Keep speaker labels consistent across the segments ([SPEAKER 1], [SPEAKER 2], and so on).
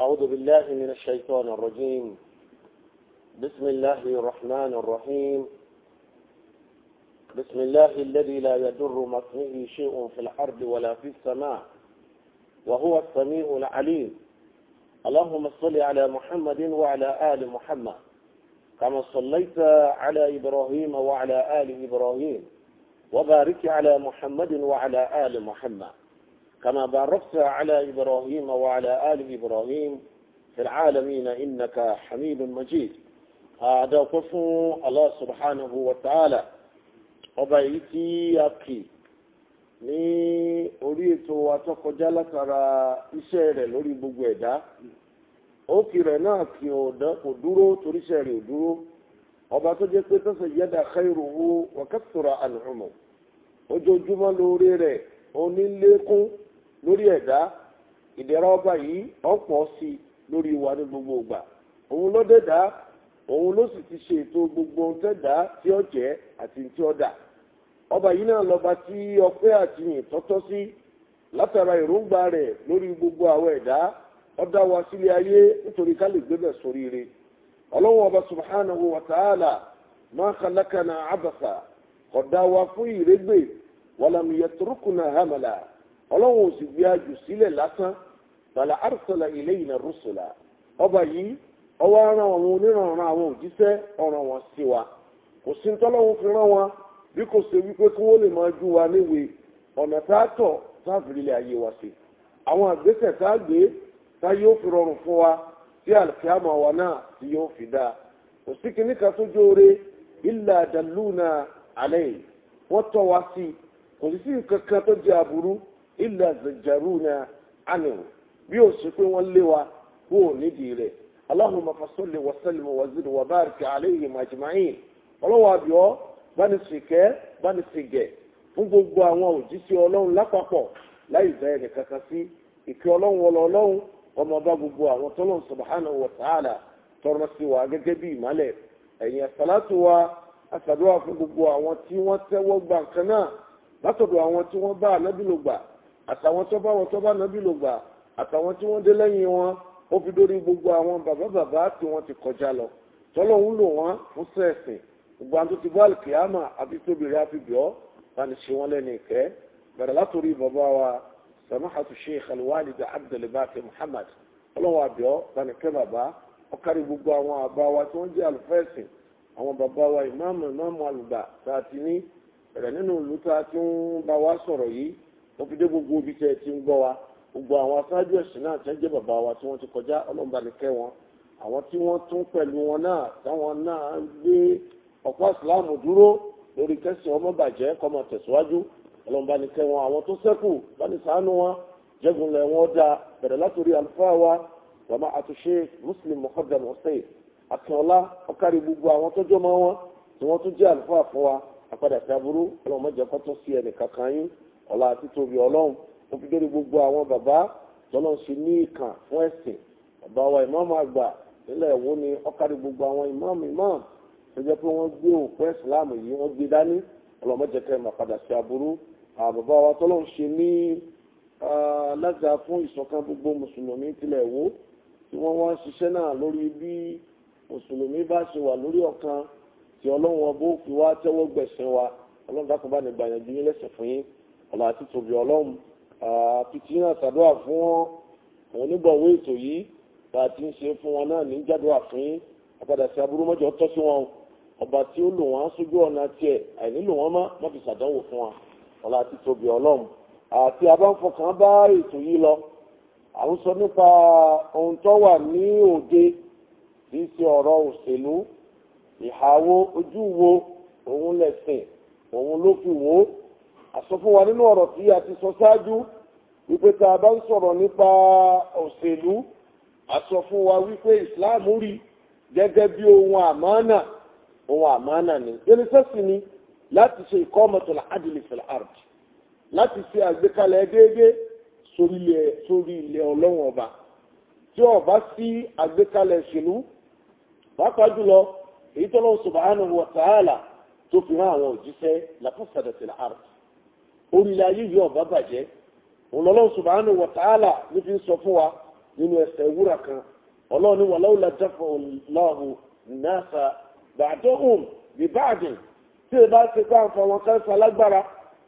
[SPEAKER 1] أعوذ بالله من الشيطان الرجيم بسم الله الرحمن الرحيم بسم الله الذي لا يدر مصنعه شيء في الأرض ولا في السماء وهو السميع العليم اللهم صل على محمد وعلى آل محمد كما صليت على إبراهيم وعلى آل إبراهيم وبارك على محمد وعلى آل محمد كما باركت على إبراهيم وعلى آل إبراهيم في العالمين إنك حميد مجيد هذا كفو الله سبحانه وتعالى وبيتي أكي ní orí ètò atọ́kọjá látara iṣẹ́ rẹ̀ lórí gbogbo ẹ̀dá òkè rẹ̀ náà kì kò dúró toríṣẹ́ rẹ̀ ò dúró ọba tó jẹ́ pé tọ́sẹ̀ yẹ́dà khairuhu wa kathura àlùmọ̀ ojoojúmọ́ lóore rẹ̀ onílékún lórí ẹ̀dá ìdẹ̀ra ọba yìí ọ̀pọ̀ sí lórí wa ní gbogbo ìgbà òun ló dẹ̀dá òun ló sì ti ṣe ètò gbogbo ohun tẹ̀dá tí ó jẹ́ àti tí ó ọba yìí náà lọ́ba tí ọpẹ́ àti yìn tọ́tọ́ sí látara èròǹgbà lórí gbogbo àwọn ẹ̀dá wa sílé ayé nítorí ká lè gbébẹ̀ sóríire ọlọ́wọ́ ọba wa fún ìrégbè ọlọ́run ò sì gbé ajù sílẹ̀ lásán bàlá arsala ilayna rusula ọba yìí ọwọ́ ran àwọn oníranran àwọn òjíṣẹ́ ọ̀ràn wọn sí wa kò sí tọ́lọ́run fi rán wọn bí kò ṣe wípé kí wọ́n lè máa jú wa níwèé ọ̀nà tá a tọ̀ táàbìrìlẹ̀ ayé wa sí àwọn àgbésẹ̀ tá a gbé tá yóò fi rọrùn fún wa tí àlùkìyàmọ̀ wa náà tí yóò fi dáa kò sí kíní kan tó jóore illa dalluna alayhi wọ́n tọ́ wa sí kò sí sí nǹkan kan tó jẹ́ aburú ilẹ̀ zajaruna anu bí o wa o nídìí rẹ̀ allahumma wa sallim wa zid wa barik alayhim ajma'in ọlọ́wọ́ àbíọ́ báni sìkẹ́ bani sige fún gbogbo awon òjíṣẹ́ ọlọ́run lápapọ̀ láì bẹ́ẹ̀ nìkan kan ike ìkẹ́ ọlọ́run ọmọ gbogbo àwọn tọrọ sí wa gẹ́gẹ́ bí ìmálẹ̀ ẹ̀yìn wa fún gbogbo àwọn tí wọ́n tẹ́wọ́ gbà kan náà àtàwọn tó bá wọn tó bá nàbí ló gbà àtàwọn tí wọ́n dé lẹ́yìn wọn ó fi dórí gbogbo àwọn bàbá bàbá tí wọ́n ti kọjá lọ tọ́lọ́hún lò wọ́n fún sẹ́ẹ̀sìn gbogbo àwọn tó ti bá àlùkìyàmà àti tóbi rẹ̀ àfi bíọ́ ṣe wọ́n lẹ́nu ìkẹ́ bẹ̀rẹ̀ látòrí bàbá wa samahatu sheikh alwalid abdulbaki muhammad ọlọ́wọ́ àbíọ́ bani kẹ́ bàbá ọkàrí gbogbo àwọn àbá wa tí wọ́n jẹ́ àlùfẹ́ẹ̀sìn àwọn bàbá wa ìmáàmù ìmáàmù àlùgbà tá a ti ní bẹ̀rẹ̀ nínú ìlú tá a ti ń bá wa sọ̀rọ̀ yìí ó fi dé gbogbo ibi tẹ́ ẹ ti ń gbọ́ wa gbogbo àwọn aṣáájú ẹ̀sìn náà tẹ́ jẹ́ bàbá wa tí wọ́n ti kọjá ọlọ́mọba nìkẹ́ wọn àwọn tí wọ́n tún pẹ̀lú wọn náà táwọn náà ń gbé ọ̀pá ìsìláàmù dúró lórí kẹ́sìn ọmọ bàjẹ́ kọ́mọ tẹ̀síwájú ọlọ́mọba wọn àwọn tó sẹ́kù bá ní wọn jẹ́gunlẹ̀ wọn dáa bẹ̀rẹ̀ látòrí àlùfáà wa wàmà àtúnṣe muslim muhammad hussein akínọlá ọkàrí gbogbo àwọn tó jọmọ wọn tí wọ́n tún jẹ́ àlùfáà fún wa àpadà sí aburú ọlọ́mọdé ọlá àti tóbi ọlọ́run ó fi dórí gbogbo àwọn bàbá lọ́lọ́run ṣe ní ìkàn fún ẹ̀sìn bàbá wa ìmáàmù àgbà nílẹ̀ èwo ni ọ̀kárí gbogbo àwọn ìmáàmù ìmáàmù tó jẹ́ pé wọ́n gbé òkú ẹ̀sìláàmù yìí wọ́n gbé dání ọlọ́mọdékẹ́ mà padà sí aburú bàbá wa tọ́lọ́run ṣe ní alága fún ìṣọ̀kan gbogbo mùsùlùmí tilẹ̀ èwo tí wọ́n wá ń ṣiṣẹ́ náà lórí bí mùsùlùmí bá ṣe wà lórí ọ̀kan tí ọlọ́run ọbọ̀ òfin wa tẹ́wọ́ gbẹ̀sìn wa ọlọ́run dákun nígbà yẹn ọ̀la àti tòbí ọlọ́run pìtínà ṣàdúrà fún àwọn onígbọ̀wé ètò yìí bá a ti ń ṣe fún wọn náà ní jádùá fún yín àpadà sí aburú mọ́jọ tọ́ sí wọn ọba tí ó lò wọn sójú ọ̀nà tiẹ̀ àìnílò wọn má má fi ṣàdánwò fún wa ọ̀la àti tòbí ọlọ́run àti abáǹfọkàn bá ètò yìí lọ à ń sọ nípa ohun tó wà ní òde kì í ṣe ọ̀rọ̀ òṣèlú ìhàwó ojú wo òun lẹ̀sìn òun ló fi wò ó àsọfún wa nínú ọ̀rọ̀ tí a ti sọ ṣáájú wípé tá a bá ń sọ̀rọ̀ nípa òṣèlú àsọfún wa wípé Islam rí gẹ́gẹ́ bí ohun àmánà ohun àmánà ni irinṣẹ́ sì ni láti ṣe ìkọ́mọ̀tòlá adìlẹ̀ fil ard láti ṣe àgbékalẹ̀ déédéé sórí ilẹ̀ ọlọ́wọ̀n ọba tí ọba sí àgbékalẹ̀ ìṣèlú pàápàá jùlọ èyí tọ́lọ́ subhanahu wa ta'ala tó fi hàn àwọn òjíṣẹ́ làkúṣàdàtìlẹ̀ ard orílẹ̀ ayé yìí ọ̀bá bàjẹ́ Ọlọ́hun subhanahu wa ta'ala ló fi ń sọ fún wa nínú ẹsẹ̀ ìwúrà kan ọlọ́run ní walaula daf'ullahu nasa ba'dahum bi ba'din tí ẹ bá ti bá àǹfà wọn kan ṣalágbára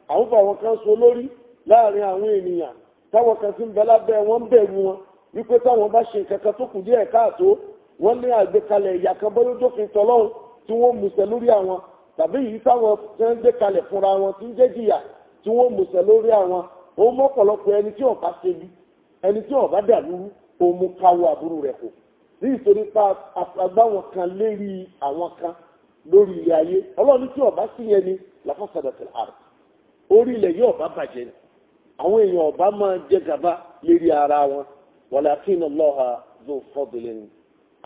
[SPEAKER 1] àwọn fà wọn kan so lórí láàrin àwọn ènìyàn táwọn kan ti ń bẹ lábẹ́ wọn ń bẹ̀rù wọn wípé táwọn bá ṣe nǹkan kan tó kù díẹ̀ káàtó wọ́n ní àgbékalẹ̀ ìyà kan bọ́ lójófin tọ́lọ́run tí wọ́n mùsẹ̀ lórí àwọn tàbí yìí táwọn ti ń gbé kalẹ̀ fúnra wọn ti ń jẹ́ jìyà tí wọ́n mọ̀sẹ̀ lórí àwọn ó mọ́pọ̀lọpọ̀ ẹni tí ọ̀bá ṣebí ẹni tí ọ̀bá dàlúrú òun káwọ àbúrò rẹ̀ kò ní ìtorí pa àgbáwọn kan lérí àwọn kan lórí ilé ayé ọlọ́run tí ọ̀bá sí yẹn ni làfọ́sàdọ̀tẹ̀ àrùn orí ilẹ̀ yóò bá bàjẹ́ ni àwọn èèyàn ọ̀bá máa jẹ gàba lérí ara wọn walakin Allaha zu fadlin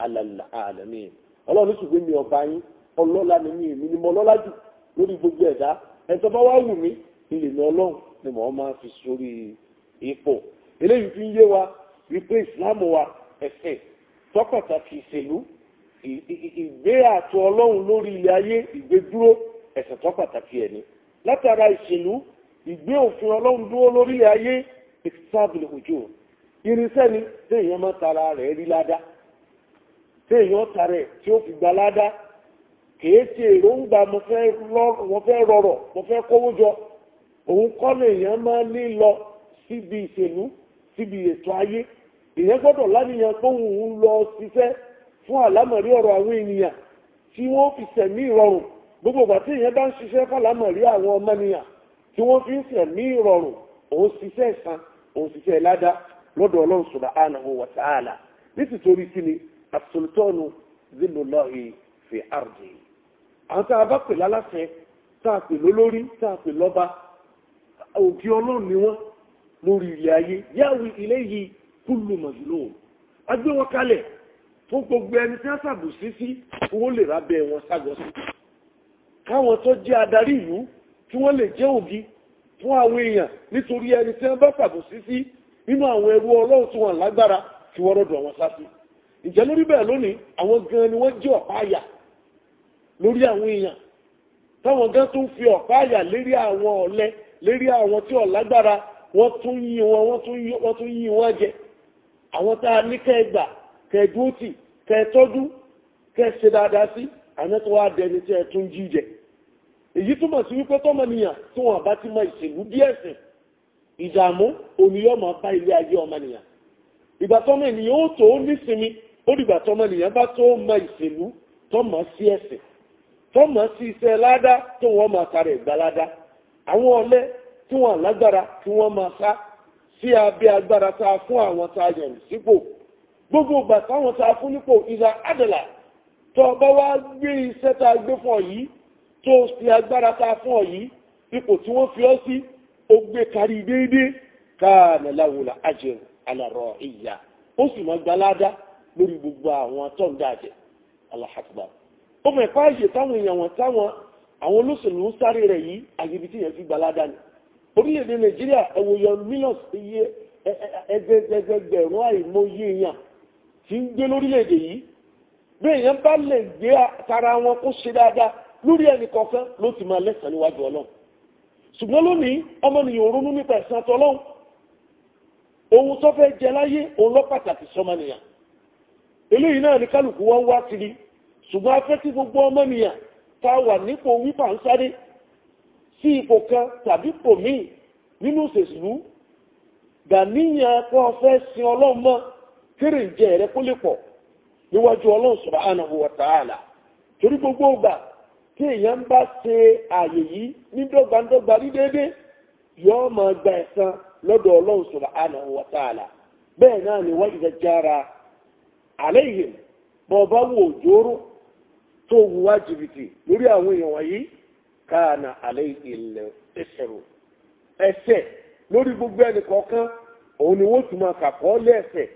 [SPEAKER 1] ala alamin ọlọ́run ṣùgbọ́n mi ọba yín ọlọ́lá ni mi èmi ni mo lọ́lá jù lórí gbogbo ẹ̀dá ilé ní ọlọ́run ni mọ̀ máa fi sórí ipò eléyìí fi ń yé wa wípé islam wa ẹ̀sẹ̀ tọ́pàtàkì ìṣèlú ìgbé àtọ ọlọ́run lórí ilé ayé ìgbé dúró ẹ̀sẹ̀ tọ́pàtàkì ẹ̀ ni látara ìṣèlú ìgbé òfin ọlọ́run dúró lórí ilé ayé ìfisábìlì òjò irinṣẹ́ ni tí èèyàn máa tara rẹ̀ rí ládá tí èèyàn tara ẹ̀ tí ó fi gba ládá kèé ti èròǹgbà mo fẹ́ rọrọ̀ mo fẹ́ kówó jọ òun kọ́ ni èèyàn máa ní lọ síbi ìṣèlú síbi ètò ayé èèyàn gbọ́dọ̀ láníyàn tó ń lọ ṣiṣẹ́ fún àlámọ̀rí ọ̀rọ̀ àwọn ènìyàn tí wọ́n fi sẹ̀mí ìrọ̀rùn gbogbo ìgbà tí èèyàn bá ń ṣiṣẹ́ fàlámọ̀rí àwọn ọmọnìyàn tí wọ́n fi ń sẹ̀mí ìrọ̀rùn òun ṣiṣẹ́ ìsan òun ṣiṣẹ́ ìládá lọ́dọ̀ ọlọ́run subhanahu wa ta'ala nítìtorí kí ni as-sultanu zillullahi fi ardi àwọn tá a bá pè láláṣẹ tá a pè òfin ọlọ́run ni wọ́n lórí ilẹ̀ ayé yáwí ilé yìí kúlù mọ̀jùlò agbé wọn kalẹ̀ fún gbogbo ẹni tí wọ́n ṣàbòsí sí owó lè rábẹ́ wọn ságọ́ sí káwọn tó jẹ́ adarí ìlú kí wọ́n lè jẹ́ ògì fún àwọn èèyàn nítorí ẹni tí wọ́n bá ṣàbòsí sí nínú àwọn ẹrú ọlọ́run tí wọ́n lágbára tí wọ́n rọ̀dọ̀ wọn sá sí ìjẹ́ lórí bẹ́ẹ̀ lónìí àwọn gan ni wọ́n jẹ́ ọ̀pá àyà lórí àwọn èèyàn táwọn gan tó ń fi ọ̀pá àyà lérí àwọn ọ̀lẹ lérí àwọn tí ọ̀lágbára wọ́n tún yí wọn wọ́n tún yí wọn jẹ àwọn tá a ní kẹgbà kẹdúótì kẹtọ́jú kẹsẹ̀ dáadáa sí àmẹ́tọ́ wá dẹni tí ẹ tún jí jẹ èyí túmọ̀ sí wípé tọ́mọnìyàn tí wọ́n bá ti mọ ìṣèlú díẹ̀ sìn ìdààmú oníyọ́mọ̀ bá ilé ayé ọmọnìyàn ìgbà tọ́mọ ènìyàn ó tó nísinmi ó dìgbà tọ́mọ ènìyàn bá tó mọ ìṣèlú tọ́mọ sí ẹ̀sìn tọ́mọ sí iṣẹ́ ládá tó wọ́n máa tarẹ̀ ìgbà ládá àwọn ọ̀lẹ tí wọ́n lágbára tí wọ́n máa sá sí abẹ́ agbára tá a fún àwọn tá a yàn sípò gbogbo ìgbà táwọn tá a fún nípò ìlà àdàlà tó bá wá gbé iṣẹ́ tá a gbé fún ọ yìí tó fi agbára tá a fún ọ yìí ipò tí wọ́n fi ọ́ sí ó gbé kárí déédéé káàmì láwùlà àjẹ alàrọ̀ ìyá ó sì máa gbaládá lórí gbogbo àwọn tó ń dáàjẹ ó mọ̀ ẹ̀kọ́ àyè táwọn èèyàn wọn táwọn àwọn olóṣèlú ń sáré rẹ̀ yìí àgbègbè tí yẹn fi gbà ládàá ni orílẹ̀-èdè nàìjíríà ẹ̀wòyọ millions iye ẹgbẹgbẹgbẹ̀rún àìmọye èèyàn tí ń gbé lórílẹ̀-èdè yìí bí èèyàn bá lè gbé tara wọn kó ṣe dáadáa lórí ẹnì kọ̀ọ̀kan ló ti máa lẹ́sàn níwájú ọlọ́run ṣùgbọ́n lónìí ọmọnìyàn ronú nípa ẹ̀san tọlọ́run ohun tó fẹ́ jẹ láyé òun lọ pàtàkì sọmọnìyàn eléyìí náà ni kálukú wọn wá kiri ṣùgbọ́n afẹ́ tí gbogbo ọmọnìyàn tá a wà nípò wípà ń sáré sí ipò kan tàbí pò míì nínú òṣèlú gàníyàn kọ́ fẹ́ sin ọlọ́run mọ́ kéré ń jẹ rẹ kó lè pọ̀ níwájú ọlọ́run subhanahu wa ta'ala torí gbogbo ìgbà tí èèyàn bá ṣe àyè yìí ní dọ́gbandọ́gba ní déédéé yóò máa gba ẹ̀san lọ́dọ̀ ọlọ́run subhanahu wa ta'ala bẹ́ẹ̀ náà ni wọ́n ìdájára àlẹ́ yìí bọ̀ bá wò òjòrò tó wùwá jìbìtì lórí àwọn èèyàn wọ̀nyí káàna alẹ́ ilẹ̀ ẹsẹ̀rò ẹsẹ̀ lórí gbogbo ẹnì kọ̀ọ̀kan òun ni wọ́n tún máa kàkọ́ lẹ́ẹ̀sẹ̀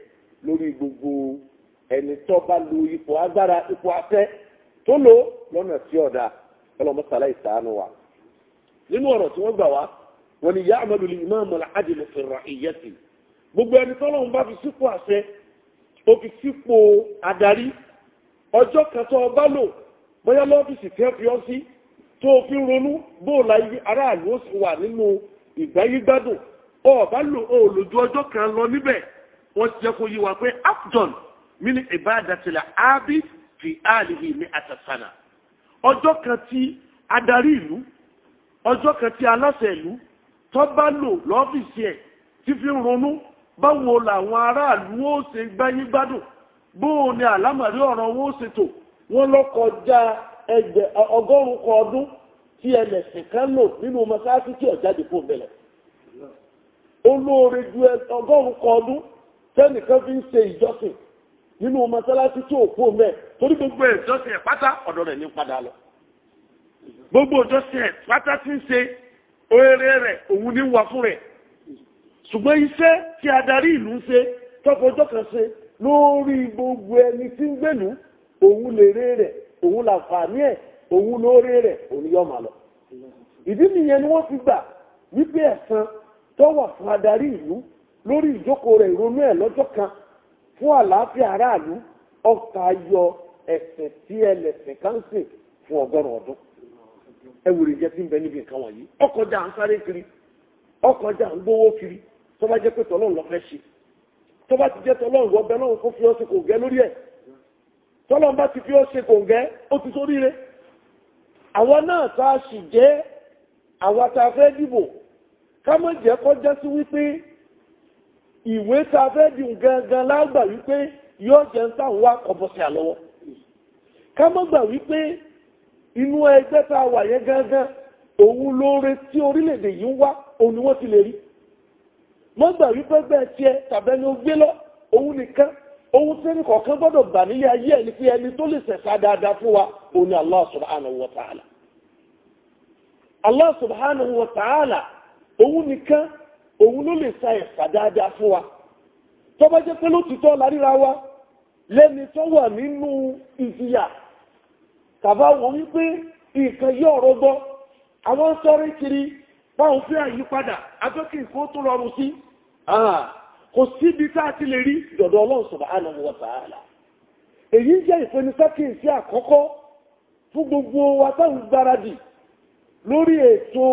[SPEAKER 1] lórí gbogbo ẹni tó bá lu ipò agbára ipò afẹ́ tó lò lọ́nà tí ọ̀dà ọlọ́mọsálá ìsàánú wa. nínú ọ̀rọ̀ tí wọ́n gbà wá wọn ni ya'malu al-imam al-'adl fi ra'iyyati gbogbo ẹni tọ́lọ́run bá fi sípò àṣẹ ó fi sípò adarí ọjọ́ kan tó ọba lò bóyá lọ́fíìsì tẹ́ fi ọ́ sí tó fi ronú bóòlà aráàlú ó sì wà nínú ìgbáyégbádùn ọba lò òòlòjú ọjọ́ kan lọ níbẹ̀ wọ́n ti jẹ́ kó yí wa pé afdol mi ní ìbáàdàtìlà ábí fi áàlìhì ní àtàsánà ọjọ́ kan tí adarí ìlú ọjọ́ kan tí aláṣẹ ìlú tó bá lò lọ́fíìsì ẹ̀ ti fi ronú báwo làwọn aráàlú ó ṣe gbáyégbádùn bóò ni àlámàrí ọ̀rọ̀ wọn ó ṣètò wọn lọ́kọjá ọgọ́rùn kan ọdún tí ẹlẹ́sìn kan lò nínú mọ́sáàsì tí ọ̀jáde fún bẹ̀rẹ̀ olóore ju ọgọ́rùn kan ọdún tẹ́nìkan fi ń ṣe ìjọsìn nínú mọ́sálásí tí òkú mẹ́ torí gbogbo ìjọsìn ẹ̀ pátá ọ̀dọ̀ rẹ̀ ní padà lọ gbogbo ìjọsìn ẹ̀ pátá tí ń ṣe oore rẹ̀ òun ní wà fún rẹ̀ ṣùgbọ́n iṣẹ́ tí adarí ìlú ń ṣe tọ́kọ ọjọ́ kan ṣe lórí gbogbo ẹni tí ń gbèlú òun lèrè rẹ̀ òun làǹfààní ẹ̀ òun lóore rẹ̀ òun yọ màá lọ. ìdí nìyẹn ni wọ́n fi gbà wípé ẹ̀san tó wà fún adarí ìlú lórí ìjókòó rẹ̀ ìrònú ẹ̀ lọ́jọ́ kan fún àlàáfíà aráàlú ọkà yọ ẹ̀ṣẹ̀ tí ẹlẹ́ṣẹ̀ kan ṣẹ̀ fún ọgọ́rùn ọdún ẹwùrì jẹ́ tí ń bẹ níbi nǹkan wọ̀nyí ọkọjà ń sáré kiri ọkọjà ń gbówó kiri tó tó bá ti jẹ́ tọ́lọ́run wọ́n bẹ lọ́run fún fi ọ́ ṣe kòǹgẹ́ lórí ẹ̀ tọ́lọ́run bá ti fi ọ́ ṣe kòǹgẹ́ ó ti sórí rẹ̀ àwọn náà tá a sì jẹ́ àwọn tá a fẹ́ dìbò ká má jẹ́ kọjá sí wípé ìwé tá a fẹ́ dìbò gangan lágbà wípé yóò jẹ́ ń táwọn wá kọ̀bọ̀ sí àlọ́wọ́ ká má gbà wípé inú ẹgbẹ́ tá a wà yẹn gangan òun lóore tí orílẹ̀-èdè yìí ń wá òun ni wọ́n ti lè rí mọ́gbà wípé bẹ́ẹ̀ tí ẹ tàbẹ́ni ó gbé lọ òun nìkan ohun tí ní kọ̀ọ̀kan gbọ́dọ̀ bà níyà ayé ẹni pé ẹni tó lè sẹ̀sà dáadáa fún wa òun ni Allah subhanahu wa ta'ala Allah nìkan òun ló lè sa ẹ̀sà dáadáa fún wa pé lótìtọ́ láríra nínú tàbá wọ́n wípé nǹkan yóò àwọn Ah, kò síbi tá a ti lè rí dọ̀dọ̀ ọlọ́run subhanahu wa ta'ala èyí jẹ́ ìfẹnisẹ́kìsí àkọ́kọ́ fún gbogbo wa táwọn gbáradì lórí ètò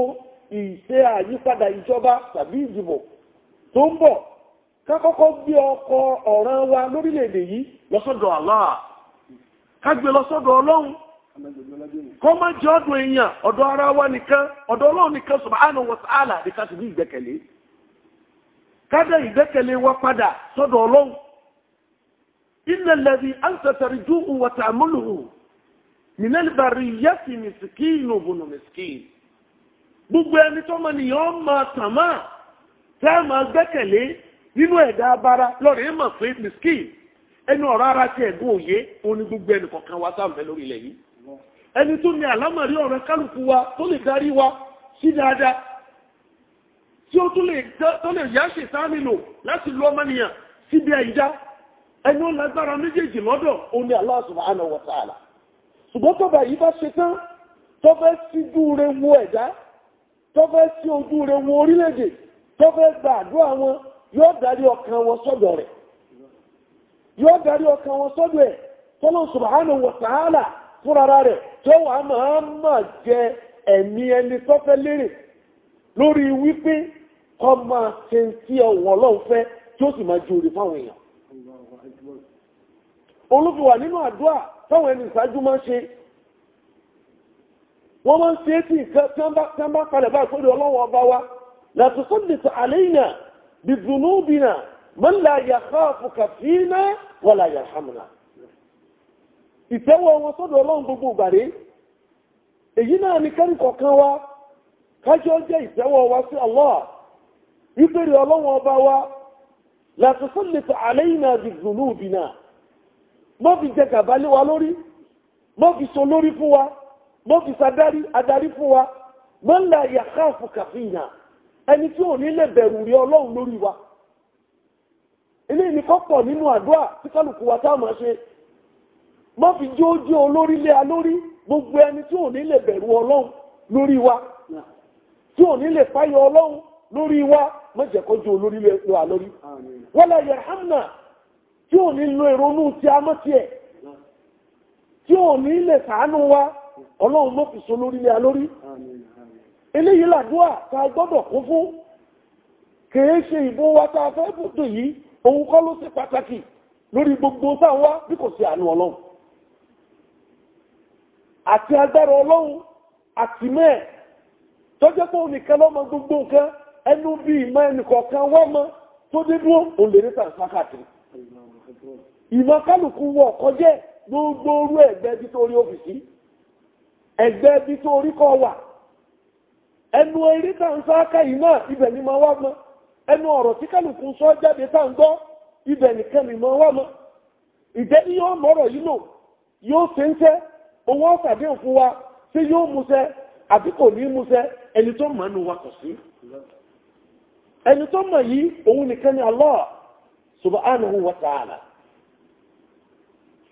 [SPEAKER 1] ìṣe àyípadà ìjọba tàbí ìdìbò tó ń bọ̀ kákọ́kọ́ ọkọ̀ ọ̀ràn wa lórílẹ̀-èdè yìí lọ́sọ́dọ̀ kágbé lọ́sọ́dọ̀ ọlọ́run ọdún èèyàn ọ̀dọ̀ ara wa nìkan ọ̀dọ̀ ọlọ́run nìkan nìkan sì ní ìgbẹ́kẹ̀lé kádà ìgbẹ́kẹ̀lé wa padà sọ́dọ̀ ọlọ́run iná lẹ́bi ánsẹ̀tẹ̀rì jú ìwọ̀ta àmúlùú mìnẹ́lìbàrí yẹ́sì mìsìkìínù bùnù mìsìkìín gbogbo ẹni tó mọ nìyàn máa tàn máa tẹ́ máa gbẹ́kẹ̀lé nínú ẹ̀dá abara lọ́rọ̀ ẹ̀ mọ̀ pé mìsìkìín ẹni ọ̀rọ̀ ara ti ẹ̀gbọ́n òye òní gbogbo ẹni kọ̀ọ̀kan wa ní àlámọ̀rí ọ̀rẹ́ kálukú wa tó lè darí wa sí dáadáa tí ó tó lè yá ṣe sáàmì lò láti lọ mọ́nìyàn síbi àìjá ẹni ó lágbára méjèèjì lọ́dọ̀ ó ní Allah subhanahu wa ta'ala ṣùgbọ́n tọ́bà yìí bá ṣe tán tọ́fẹ́ sí ojú rẹ̀ wo ẹ̀dá tọ́fẹ́ sí ojú rẹ̀ wo orílẹ̀-èdè tọ́fẹ́ gba àdúrà wọn yóò darí ọkàn lórí wípé kọ́ máa ṣe tí ọwọ́ ọlọ́run fẹ́ tí ó sì máa ju orí fáwọn èèyàn olúfiwà nínú àdúrà táwọn ẹni ìsájú máa ń ṣe wọ́n máa ń ṣe tí nǹkan bá kalẹ̀ bá ìpínlẹ̀ ọlọ́wọ́ ọba wa láti sọ́dẹ̀tì àlẹ́yìnà bìbùnúbìnà mọ́lá èyí náà ni kẹ́rìkọ̀ọ̀kan wa kájọ́ jẹ́ ìtẹ́wọ́ wa sí Allah ìbèrè ọlọ́wọ́ ọba wa làtúnṣẹ́lẹ̀tà àlẹ́yìnà àdìgbòlú òbínà mọ́ fi jẹ gàbá lé wa lórí mọ́ fi so lórí fún wa mọ́ fi sadarí adarí fún wa mọ́ ńlá yàkáàfù kàfíìnà ẹni tí ò ní lè bẹ̀rù rí ọlọ́run lórí wa ilé ìnìkan pọ̀ nínú àdúrà tí kálukú wa tá máa ṣe mọ́ fi jójó olórí lé a lórí gbogbo ẹni tí ò ní lè bẹ̀rù ọlọ́run lórí wa tí ò ní lè fáyọ ọlọ́run lórí wa mọ́jẹ̀kọ́jú olórí wa lórí wala yarhamna tí ò ní lo ìrònú ti a mọ́tí ẹ̀ tí ò ní lè sàánú wa ọlọ́run mọ́ lórí wa lórí eléyìí làdúà ta gbọ́dọ̀ kún fún ṣe ìbọn wa ta fẹ́ yìí òun kọ́ ló gbogbo bí kò sí àánú ọlọ́run àti agbára ọlọ́run tọ́jọ́ pé òun nìkan lọ́mọ gbogbo nǹkan ẹnu bí ìmọ̀ ẹnìkọ̀ọ̀kan wọ́n mọ́ tó dé dúró òun lè rí tàn ìmọ̀ kálukú wọ̀ kọjẹ́ gbogbo orú ẹ̀gbẹ́ bí tó rí òfìsí bí tó rí kọ wà ẹnu eré tàn sáká yìí náà ibẹ̀ ni máa wá yìí yóò ṣe ń owó wa yóò mú àbí kò ní múṣẹ́ ẹni tó mọ̀ nù wakọ̀ sí ẹni tó mọ̀ ni Allah subhanahu wa ta'ala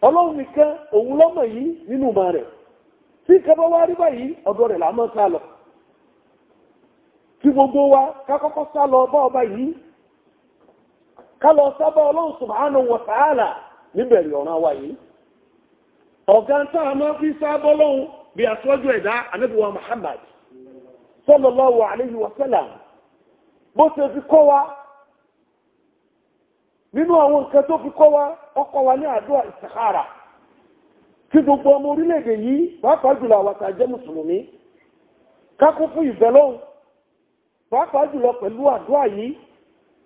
[SPEAKER 1] ọlọ́run nìkan òun lọ́mọ̀ yìí nínú ma rẹ̀ tí ìkẹbọ́ wá rí báyìí rẹ̀ lámọ́ sá gbogbo wa kákọ́kọ́ sá lọ bá ọba yìí ká lọ sábà ọlọ́run níbẹ̀rẹ̀ wa yìí ọ̀gá tá bí aṣọ́jú ẹ̀dá anábìwá Muhammad sallallahu alayhi wa sallam bó ṣe fi kọ́ wa nínú àwọn nǹkan tó fi kọ́ wa ọkọ̀ wa ní àdúrà ìsàkárà kí gbogbo ọmọ orílẹ̀-èdè yìí pàápàá jùlọ àwàtà jẹ́ mùsùlùmí kákún fún ìbẹ̀lọ́hùn pàápàá jùlọ pẹ̀lú àdúrà yìí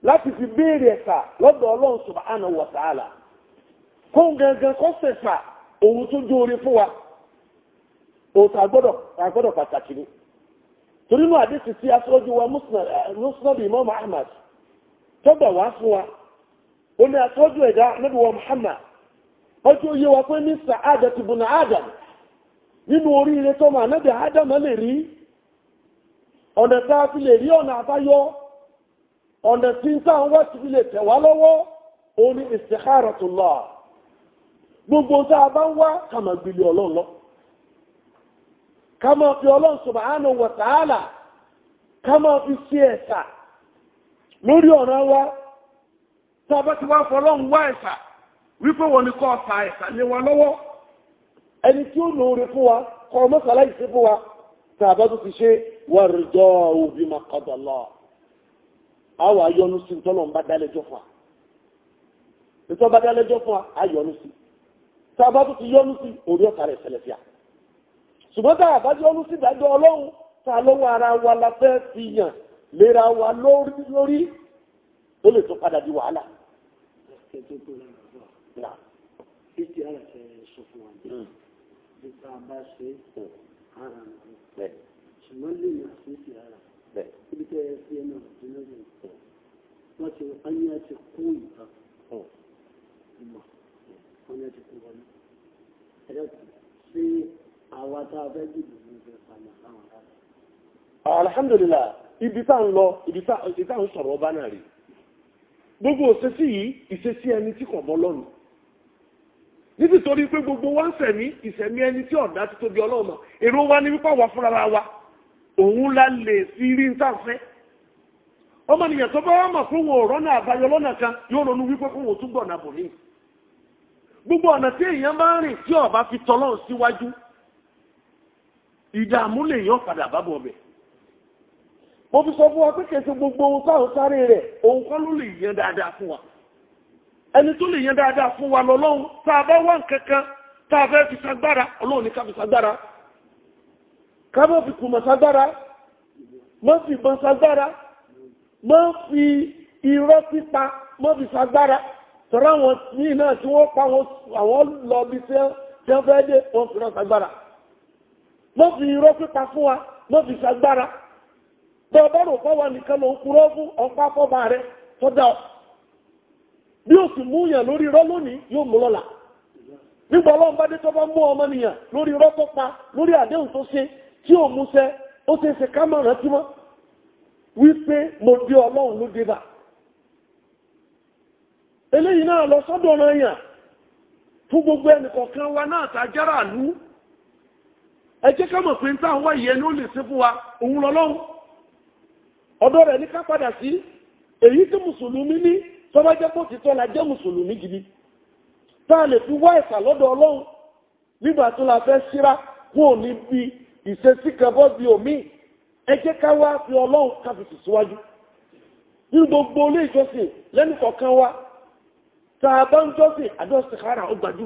[SPEAKER 1] láti fi béèrè ẹ̀sà lọ́dọ̀ ọlọ́run subhanahu wa ta'ala kóhun gangan kọ́ sẹ̀sà òun tó jó orí fún wa òtò àgbọ́dọ̀ pàtàkì ni torí náà àdéhùn sí aṣọ́jú wa eh, musnad imam ahmad tọ́gbà wá fún wa ó ní aṣọ́jú ẹ̀dá níbi wa muhammad ọjọ́ yé wa pé ní ti adam nínú oríire tó máa náà adam lè rí ọ̀nà tá a fi lè rí ọ̀nà àbáyọ ọ̀nà tí ń wá ti fi lè lọ́wọ́ ó ní gbogbo tá a bá ń wá kàmàgbìlì kama máa fi ọlọ́run subhanahu wa ta'ala kama máa fi si ẹ̀sà lórí ọ̀rọ̀ wa tọ́bọ́ ti wá fọlọ́run wá ẹ̀sà wípé wọ́n ni kọ́ ọ̀sà ẹ̀sà lé wa lọ́wọ́ ẹni tí ó lóore fún wa kọ́ mọ́sàlá ìsí fún wa tàbá tó ti ṣe wà òbí àwọn sí bá dálẹ́jọ́ fún wa bá dálẹ́jọ́ fún wa sí tàbá tó ti sí orí rẹ̀ ṣùgbọ́n tá àbájọ́ ọlú sí ìdájọ́ ọlọ́run tá lọ́wọ́ ara wa la fẹ́ fi yàn lera wa lórí lórí tó lè tó padà di wàhálà. Fífi ara ṣe sọ fún wa jẹ́ hmm. nípa bá ṣe ara hmm. rẹ̀. Ṣùgbọ́n lè yàn fífi ara. Ibi tẹ́ ẹ fi ẹnu ìdúná jẹ. Hmm. Wọ́n ti ayé ti kú ìta. Ìmọ̀ ṣé alhamdulillah ibi tá à ń lọ ibi tá à ń sọ̀rọ̀ ọba náà rèé gbogbo òṣèṣì yìí ìṣesí ẹni tí kò mọ lọ́rùn nítorí pé gbogbo wa ń sẹ̀mí ìsẹ̀mí ẹni tí ọ̀dá ti tóbi ọlọ́ọ̀mà èrò wa ní wípé àwa fúnra wa òun la lè fi rí ń tàfẹ́ ọmọnìyàn tó bá wà mà fún wọn ọ̀rọ̀ náà àbáyọ lọ́nà kan yóò ronú wípé fún wọn tún gbọ̀nà ní gbogbo ọ̀nà tí èèyàn bá rìn tí ọba fi tọ́lọ́ síwájú ìdààmú lè yọ padà bábọ̀ ọbẹ̀ mo fi sọ fún wa pé kẹsì gbogbo ohun táwọn sáré rẹ̀ òun kọ́ ló lè yan dáadáa fún wa ẹni tó lè yan dáadáa fún wa lọ́lọ́run tá a bá wà nǹkan kan tá a fẹ́ fi sagbára ọlọ́run ní ká fi sagbára ká má fi kùmọ̀ sagbára má fi ìbọn sagbára má fi irọ́ pípa má fi sagbára tọ́ra wọn ní náà tí wọ́n pa àwọn lọ tí wọ́n fẹ́ dé wọn fi rọ́ sagbára. mọ́ fi irọ́ pípa fún wa mọ́ fi ṣagbára bọ́ ọbọ̀rọ̀ fọ́wà nìkan ló kúrọ́ fún ọ̀pá fọ́bà rẹ tọ́jà bí ó sì mú yàn lórí irọ́ lónìí yóò mú nígbà ọlọ́run bá dé tó mú ọmọ nìyàn lórí tó pa lórí àdéhùn tó ṣe tí ò mú ṣẹ ó ṣe ṣe ká rántí mọ́ wípé mo ọlọ́run ló eléyìí náà lọ sọ́dọ̀ yàn fún gbogbo ẹnìkọ̀ọ̀kan wa náà ẹ jẹ́ ká mọ̀ pé tá àwọn ó lè ṣe fún wa òun lọ́lọ́run ọ̀dọ̀ rẹ̀ ní ká padà sí èyí tí mùsùlùmí ní tọ́bá jẹ́ pọ̀ títọ́ la jẹ́ mùsùlùmí gidi tá a lè fi wá ẹ̀sà lọ́dọ̀ ọlọ́run nígbà tó la fẹ́ síra kú ò ní bí ìṣesí kan bọ́ bí omi ẹ jẹ́ ká wá fi ọlọ́run ká fi síwájú nínú gbogbo ilé ìjọsìn lẹ́nu kọ̀ọ̀kan wa tá a bá ń jọ́sìn àjọsìn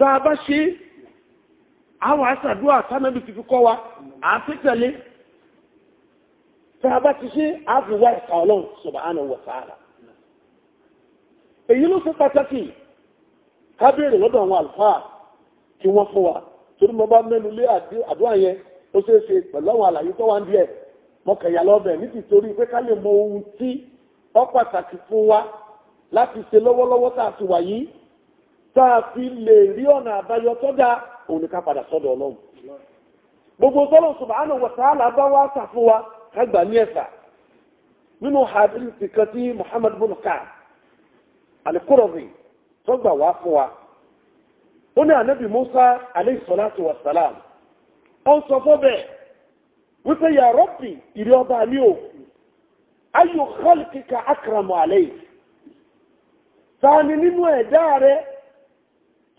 [SPEAKER 1] tá a bá ṣe àwọn àṣàdúrà tánàbí ti fi kọ́ wa àfítẹ̀lé tá a bá ti ṣe àfiwá ẹ̀ka ọlọ́run subhanahu wa ta'ala èyí ló fi pàtàkì kábèrè lọ́dọ̀ àwọn àlùfáà kí wọ́n fún wa torí mo bá mẹ́nu lé àdúrà yẹn ó ṣeé ṣe pẹ̀lú àwọn àlàyé tó wá ń díẹ̀ mọ̀kànyà lọ́bẹ̀ nítorí pé ká lè mọ ohun tí ó pàtàkì fún wa láti ṣe lọ́wọ́lọ́wọ́ tá a ti wà yìí tá a fi lè rí ọ̀nà àbáyọ tọ́jà òun ni ká padà sọ́dọ̀ ọlọ́run gbogbo tọ́lọ̀ subhanahu wa ta'ala bá wá sà fún wa ká gbà ní ẹ̀sà nínú hadith kan tí Muhammad bin Ka'b al-Qurazi tó gbà wá fún wa ó ní ànábì Musa alayhi salatu ó ń sọ fọ́bẹ̀ wípé ya ìrí ọba mi ò ayò khalqika akramu alayhi ta nínú ẹ̀dá rẹ̀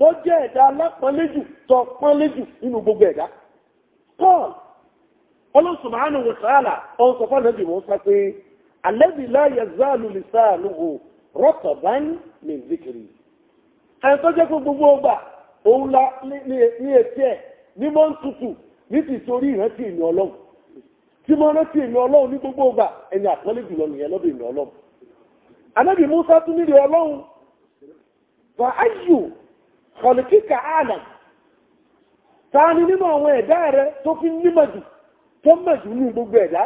[SPEAKER 1] tó jẹ́ ẹ̀dá alápọ̀lẹ́jù tó pọ́nlẹ́jù nínú gbogbo ẹ̀dá paul ọlọ́sùnmáàánù wòsàálà ọ̀n sọ fún ẹ̀dì wọ́n sá pé alẹ́bí láyé záàlù lè sáàlù hù rọ́tọ̀ bá ń lè zikiri ẹni tó jẹ́ pé gbogbo ọgbà òun la ní etí ẹ̀ ní mọ́ ń tutù ní ti torí ìrántí ìní ọlọ́run tí mo rántí ìní ọlọ́run ní gbogbo ọgbà ẹni àpọ́nlé jùlọ nìyẹn lọ́dọ̀ ìní ọlọ́run alẹ́bí musa tún nílé ọlọ́run fa ayù kọlùkíkà ààlà ta ni nínú àwọn ẹ̀dá rẹ tó fi nímọ̀jù tó mọ̀jù ní gbogbo ẹ̀dá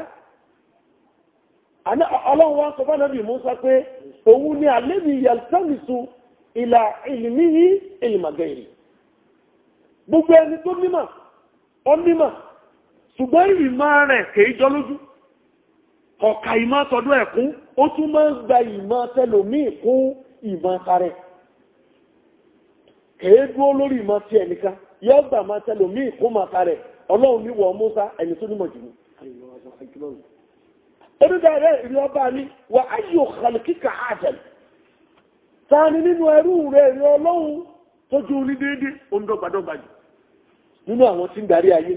[SPEAKER 1] ọlọ́run wá sọ bá nàbì Mùsá pé òun ni àlébì yaltamisu ìlà ìlìmíyí ìlìmàgẹ̀rì gbogbo ẹni tó nímọ̀ ọ nímọ̀ ṣùgbọ́n ìmọ̀ rẹ̀ kèé jọ lójú ọ̀ka ìmọ̀ tọdún ẹ̀kún ó tún máa ń gba ìmọ̀ tẹlòmíì kún ìmọ̀ tarẹ̀ kèé dúró lórí ìmọ̀ tí ẹnìkan yóò gbà máa tẹ́lò mí ìkómọ àkàrẹ̀ ọlọ́run ní wọ Musa ẹni tó nímọ̀ jù ní. onídàá rẹ̀ ìrìn ọba ni wà á yóò kàlù kíkà àjẹl ta ni nínú ẹrú rẹ̀ ìrìn ọlọ́run tó ní déédé ondọ́gbàdọ́gbà jù nínú àwọn tí ń darí ayé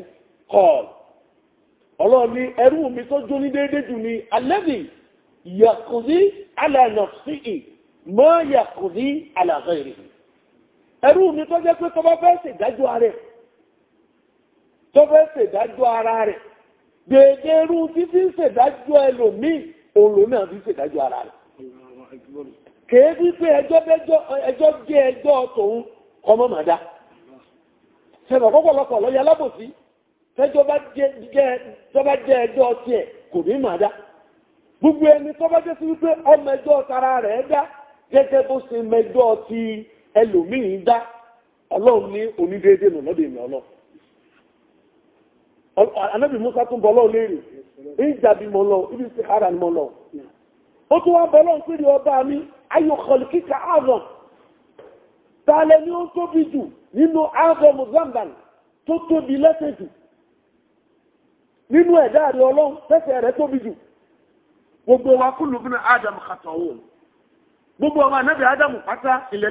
[SPEAKER 1] kọ́ọ̀l ọlọ́run ní ẹrú mi tó ní déédé jù ní alẹ́bì yàkùnrin alànàfíì mọ́ yàkùnrin alàfẹ́ ẹrú mi tó jẹ́ pé tó bá fẹ́ ṣèdájọ́ ara rẹ̀ tó fẹ́ ṣèdájọ́ ara rẹ̀ gbèdé irú títí ṣèdájọ́ ẹlòmíì òòlò náà fi ṣèdájọ́ ara rẹ̀ kèé bí pé ẹjọ́ jẹ́ ẹjọ́ tòun ọmọ màdá ṣẹlẹ̀ ọ̀pọ̀lọpọ̀ lọ́yẹ alábòsí tẹ́jọ́ bá jẹ́ ẹjọ́ tiẹ̀ kò ní màdá gbogbo ẹni tó bá jẹ́ sí wípé ọmọ ẹjọ́ tara rẹ̀ dá gẹ́gẹ́ bó ṣe mẹjọ́ ti ẹlòmíì dá ọlọ́run ní onídéédé nù lọ́dọ̀ ìmọ̀ ọlọ́ anábì musa tún bọ́ lọ́wọ́ léèrè ìjàbí mọ́ lọ ibi sí ara ni mọ́ lọ ó tún wá bọ́ lọ́wọ́ péré ọba mi ayọ̀kọ̀lù kíkà ààrùn tààlẹ̀ ni ó tóbi jù nínú ààrùn mozambique tó tóbi lẹ́sẹ̀ jù nínú ẹ̀dá rẹ̀ ọlọ́run tẹ́sẹ̀ rẹ̀ tóbi jù gbogbo wa kúlù bí Adam kàtọ̀ wò gbogbo ọmọ anábì Adam pátá ilẹ̀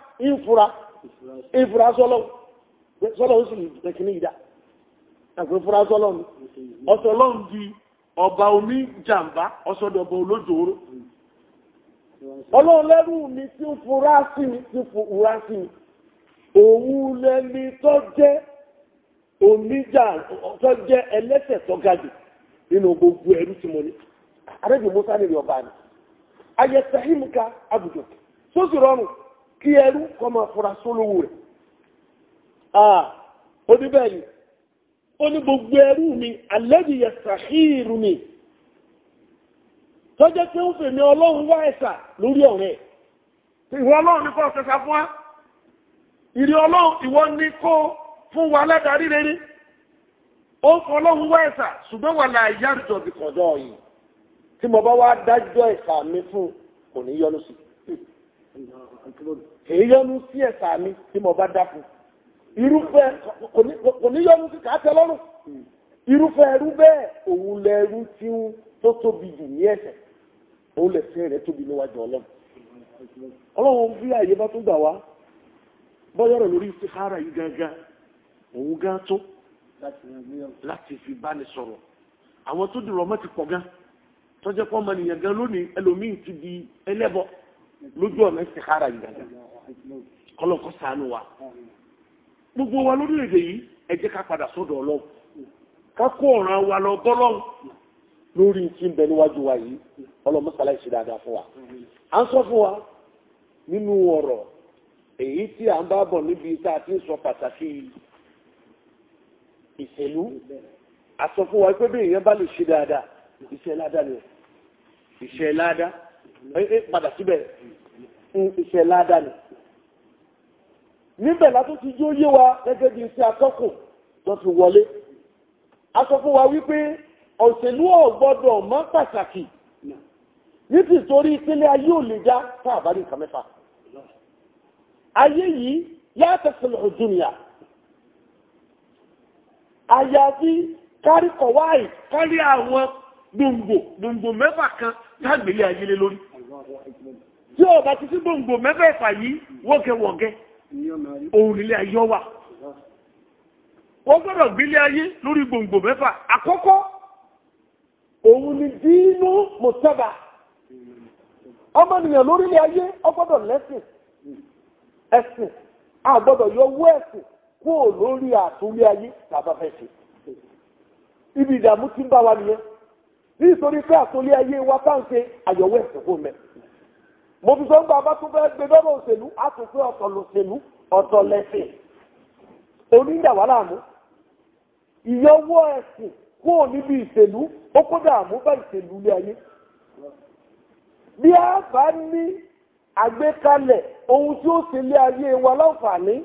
[SPEAKER 1] ìfura ìfura sọ́lọ́ sọ́lọ́ ó ìdá ẹ̀kùn ìfura di ọba omi mi tí ń fura sí mi tí fura sí mi òun lẹ́ni tó jẹ́ tó jẹ́ nínú gbogbo tí mo ní adébìmọ́sá ọba ni ayẹsẹ̀ ìmúka àbùjọ kí ẹrú kọ́ máa fura sólówó rẹ̀ ah ó ní bẹ́ẹ̀ ni ó ní gbogbo ẹrú mi alẹ́bí yẹsàkíìrù mi tó jẹ́ pé ó fèmí ọlọ́run wá ẹ̀sà lórí ọ̀rẹ́ ìwọ ọlọ́run ní kọ́ ọ̀sẹ̀sà fún wa ìrí ọlọ́run ìwọ ní kó fún wa lẹ́darí rere ó fún ọlọ́run wá ẹ̀sà ṣùgbọ́n wà láàyè àjọ bìkọ̀dọ̀ yìí èyí yọnu sí ẹ̀sà mi tí mo bá dákú irúfẹ́ kò ní yọnu sí kàátẹ́ lọ́rùn irúfẹ́ ẹrú bẹ́ẹ̀ òun lẹ́rú tí ń tó tóbi jù ní ẹ̀ṣẹ̀ òun lẹ̀ṣẹ̀ rẹ̀ tóbi níwájú ọlọ́run ọlọ́run bí àyè bá tún gbà wá bọ́yọ̀rọ̀ lórí istikhara yìí gangan òun gan tó láti fi bá ní sọ̀rọ̀ àwọn tó dìrọ̀ mọ́ ti pọ̀ gan tọ́jẹ́ pọ́ mọ́ nìyẹn gan lónìí ẹlòmíì ti di ẹlẹ́bọ̀ọ́ lójú ọ̀nà ìsìkára ìgbàgbà kọlọ́kọ́ sànù wa gbogbo wa lórílẹ̀-èdè yìí ẹ jẹ́ ká padà sọ́dọ̀ ọlọ́run ká kó ọ̀ràn wa lọ bọ́lọ́run lórí tí ń bẹ níwájú wa yìí ọlọ́mọ́sálá ìṣe dáadáa fún wa à ń sọ fún wa nínú ọ̀rọ̀ èyí tí à ń bá bọ̀ níbi tá a ti ń sọ pàtàkì ìṣèlú àsọ fún wa pé bí èèyàn bá lè ṣe dáadáa ìṣẹ́ ni ìṣẹ́ padà síbẹ̀ iṣẹ́ ládàá ni níbẹ̀ látó ti jó yé wa gẹ́gẹ́ bí iṣẹ́ atọ́kùn tó fi wọlé a sọ fún wa wípé òṣèlú ò gbọ́dọ̀ mọ́ pàtàkì nítìtorí ìpínlẹ̀ ayé ò lè já tá àbárí nǹkan mẹ́fà ayé yìí yàtọ̀ sílẹ̀ òjúnìyà àyàfi kárí kọ̀wáì kárí àwọn gbòǹgbò gbòǹgbò mẹ́fà kan tágbélé ayé lé lórí tí ọba ti sí gbòǹgbò mẹ́fẹ̀ẹ̀fà yìí wọ́gẹ̀wọ̀gẹ̀ òun nílé ayé wà wọ́n gbọ́dọ̀ gbílé ayé lórí gbòǹgbò mẹ́fà àkọ́kọ́ òun ni dínú mọ̀tẹ́bà ọmọnìyàn lórílẹ̀ ayé ọgbọ́dọ̀ lẹ́sìn ẹ̀sìn àgbọ́dọ̀ yọwọ́ ẹ̀sìn kúrò lórí àtúnlé ayé tàbá fẹ́ ṣe ibi ìdààmú ti ń bá wa nìyẹn nítorí pé àtúnlé ayé wa bá ń ṣe àyọ̀wọ́ ẹ̀sìn fún mi. mo fi sọ ń gba bá tún fẹ́ gbé lọ́rọ̀ òṣèlú àtúnṣe ọ̀tọ̀ lòṣèlú ọ̀tọ̀ lẹ́sìn. onídàwà láàmú ìyọwọ́ ẹ̀sìn kúrò níbi ìṣèlú ó kó dààmú bá ìṣèlú ilé ayé. bí a bá ní àgbékalẹ̀ ohun tí ó ṣe ilé ayé wa láǹfààní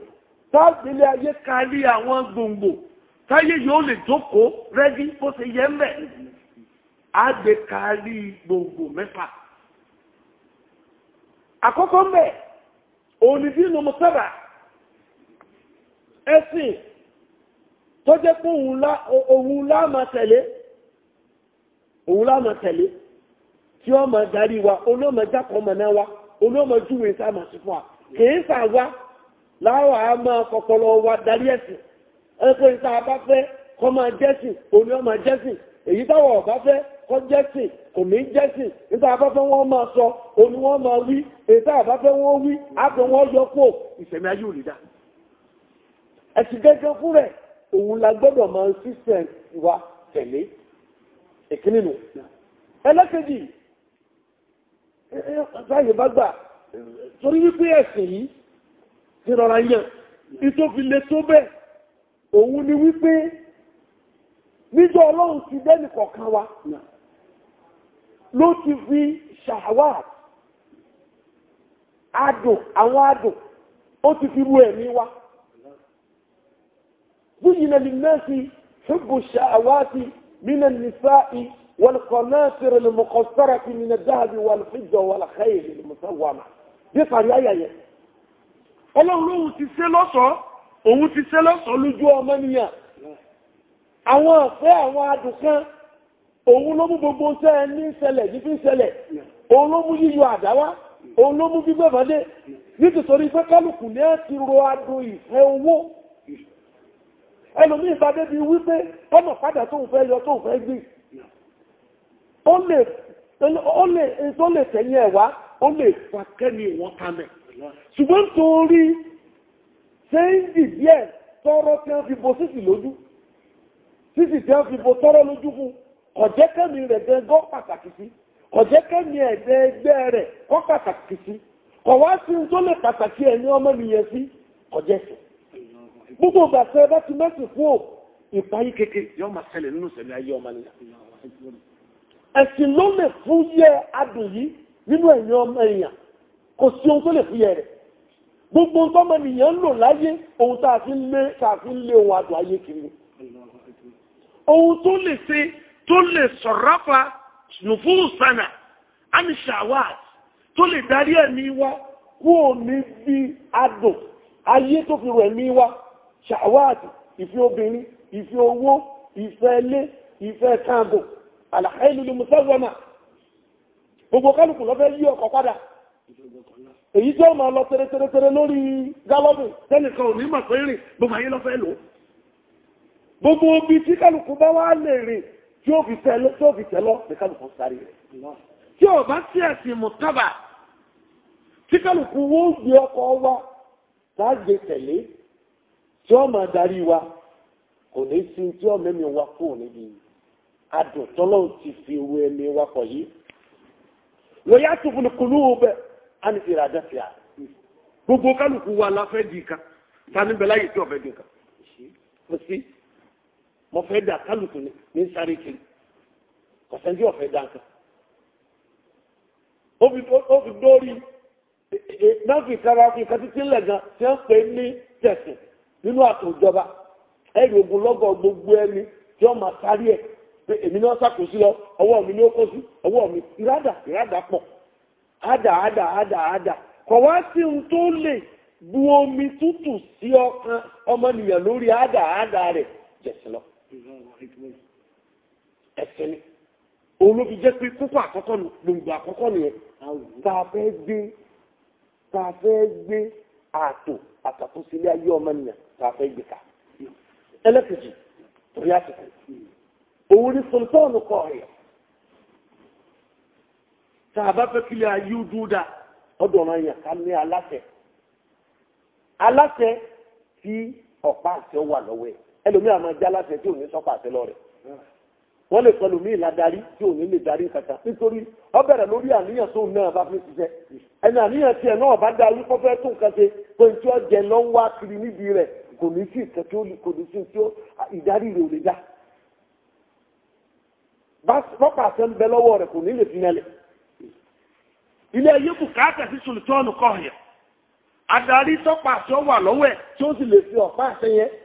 [SPEAKER 1] táàgbé ilé ayé kárí àwọn gbòǹgbò táyé yóò lè jókòó rẹ́gí bó ṣe yẹ àgbékarí gbòǹgbò mẹ́fà àkọ́kọ́ ń bẹ̀ òun ni dínú mọ́sábà ẹ̀sìn tó jẹ́ pé òun láàmà tẹ̀lé òun láàmà tẹ̀lé tí ó máa darí wa olóòmọ̀ jákọ̀ mọ̀ náà wa olóòmọ̀ júwe sáàmà sí fún wa kìí sà wá láwà á máa kọ̀pọ̀lọ̀ wa darí ẹ̀sìn ẹ̀kọ́ ìta abáfẹ́ kọ́ máa jẹ́sìn òun jẹ́sìn èyí táwọn ọ̀gá fẹ́ kọ́ jẹ́sìn kò ní jẹ́sìn níta àbáfẹ́ wọ́n máa sọ oní wọ́n máa wí ètà àbáfẹ́ wọ́n wí ápẹ wọ́n yọ kó ìṣẹ̀mí ayé òlìdá ẹ̀sìn gẹ́gẹ́ fún rẹ̀ òun la gbọ́dọ̀ máa sísẹ̀ wa tẹ̀lé ìkíní nù ẹlẹ́kejì sáyé bá gbà torí wípé ẹ̀sìn yìí ti rọra yàn ìtòfilé tó bẹ́ẹ̀ òun ni wípé níjọ́ ọlọ́run ti dẹ́nì kọ̀ọ̀kan wa ló ti fi ṣàwáàt adùn àwọn adùn ó ti fi wú ẹ̀mí wa zúyìnà lìmẹ́sì ṣùgbọ́n ṣàwáàtì mínà nìsáì والقناطر المقصرة من الذهب والفضة والخيل المسومة bí parí ayẹyẹ ọlọ́run ti ṣe lọ́ṣọ̀ọ́ òun ti ṣe lọ́ṣọ̀ọ́ lójú ọmọ nìyàn àwọn ọ̀fẹ́ àwọn adùnkan òun ló mú gbogbo ṣẹ́ ní ṣẹlẹ̀ ní fi ṣẹlẹ̀ òun ló mú yíyọ àdáwá òun ló mú gbígbẹ̀mọ́dé nítorí pé kálùkù ní ẹ́ ti ro adùn ìfẹ́ owó ẹlòmí ìbádé bí wípé ọmọ padà tó ń fẹ́ yọ tó ń fẹ́ gbé ó lè tó lè tẹ̀yìn ẹ̀wá ó lè fàkẹ́ni ìwọ̀n kalẹ̀ ṣùgbọ́n torí ṣe ń dì díẹ̀ tọrọ tí wọ́n fi bo sísì lójú sísì tí wọ́n fi bo tọ́rọ lójú fún kọ̀jẹ́kẹ́mi rẹ̀ gẹ́gọ́ pàtàkì sí kọ̀jẹ́kẹ́mi ẹ̀dẹ́ ẹgbẹ́ rẹ̀ kọ́ pàtàkì sí kọ̀wá sí ń tó lè pàtàkì ẹ̀ ní ọmọ nìyẹn sí kọ̀jẹ́sẹ̀ gbogbo ìgbà sẹ bá ti mẹ́sìn fún ò ìpayín kékeré yọ máa ṣẹlẹ̀ nínú ìṣẹ̀lẹ̀ ayé ọmọ nìyẹn ẹ̀sìn ló lè fún yẹ adùn yìí nínú ẹ̀yìn ọmọ èèyàn kò sí ohun tó lè fún yẹ rẹ̀ gbogbo ohun nìyẹn ń lò láyé ohun tá a fi ń lé ohun adùn ayé kiri ohun tó lè ṣe tó lè sọ̀ráfà nùfúùsànà anishawat tó lè darí ẹ̀mí wa kúrò níbi adùn ayé tó fi rẹ̀ emi wa shawat ìfẹ́ obìnrin ìfẹ́ owó ìfẹ́ ilé ìfẹ́ kàngò àlàkáìlú ni mùsàlùmá gbogbo kálukú lọ́fẹ́ yí ọkọ̀ padà èyí tó máa lọ tẹ́rẹ́tẹ́rẹ́ lórí gálọ́bù tẹ́nìkan ò ní mọ̀ pé rìn gbogbo ayé lọ́fẹ́ lòó gbogbo obi tí kálukú bá wá lè rìn tí ó fi tí ó fi tẹ́lọ́ ní kálukú sáré rẹ̀ tí bá tí ẹ̀sìn mùtábà tí wó gbé ọkọ̀ wa láàgbé tẹ̀lé tí ó máa darí wa kò ní sí wa kúrò níbi ti fi ewé ẹni pọ̀ yìí tó fún bẹ́ẹ̀ á ní ìrà la kan mo fẹ́ dà kálukú ní sáré kiri kọ̀sẹ́ńtì ọ̀fẹ́ ó fi dórí e, e, náà fi kàtí tí ń lẹ̀ gan tí ń pè ní tẹ̀sìn nínú àtòjọba ẹ̀rì ogun lọ́gọ̀ gbogbo ẹni tí ó ma sáré ẹ̀ pé èmi náà sàkóso lọ ọwọ́ mi ní ó kó sí ọwọ́ mi ìrádà ìrádà pọ̀ ádà ádà ádà ádà kọ̀ wá sí ohun tó lè bu omi tútù ẹsẹ̀ ni òun ló fi jẹ́ pé kókó àkọ́kọ́ ni gbòǹgbò àkọ́kọ́ nìyẹn tá a fẹ́ gbé tá a fẹ́ gbé ààtò àtàkùnṣe ayé ọmọ nìyẹn tá a fẹ́ gbé ká ẹlẹ́kejì torí àsìkò òun ni sọ̀tọ́ọ̀nù kọ̀ ọ̀yọ̀ tá a bá fẹ́ kílẹ̀ ayé ó dúró dáa ọdún ọ̀ràn yẹn ká ní aláṣẹ aláṣẹ tí ọ̀pá àṣẹ wà lọ́wọ́ ẹ̀ ẹlòmíì àmọ́ já láṣẹ tí ò ní sọ́kọ̀ àṣẹ lọ rẹ̀ wọ́n lè sọ lòmíì ládarí tí ò ní lè darí kankan nítorí ó bẹ̀rẹ̀ lórí àníyàn tó náà bá fi ṣiṣẹ́ ẹni àníyàn tiẹ̀ náà bá darí kó fẹ́ tó nǹkan ṣe pé tí ó jẹ lọ́ ń wá kiri nídìí rẹ̀ kò ní sí ìtẹ́ tó kò ní sí tí ó ìdarí rẹ̀ ò lè dá bọ́pọ̀ àṣẹ ń bẹ lọ́wọ́ rẹ̀ kò ní lè fi nálẹ̀ ilé ayé bùkátà sí sùlùtọ́ọ̀nù kọ̀ọ̀yẹ̀ adarí tọ́pọ̀ àṣẹ wà lọ́wọ́ ẹ̀ tí ó sì lè fi ọ̀pá àṣẹ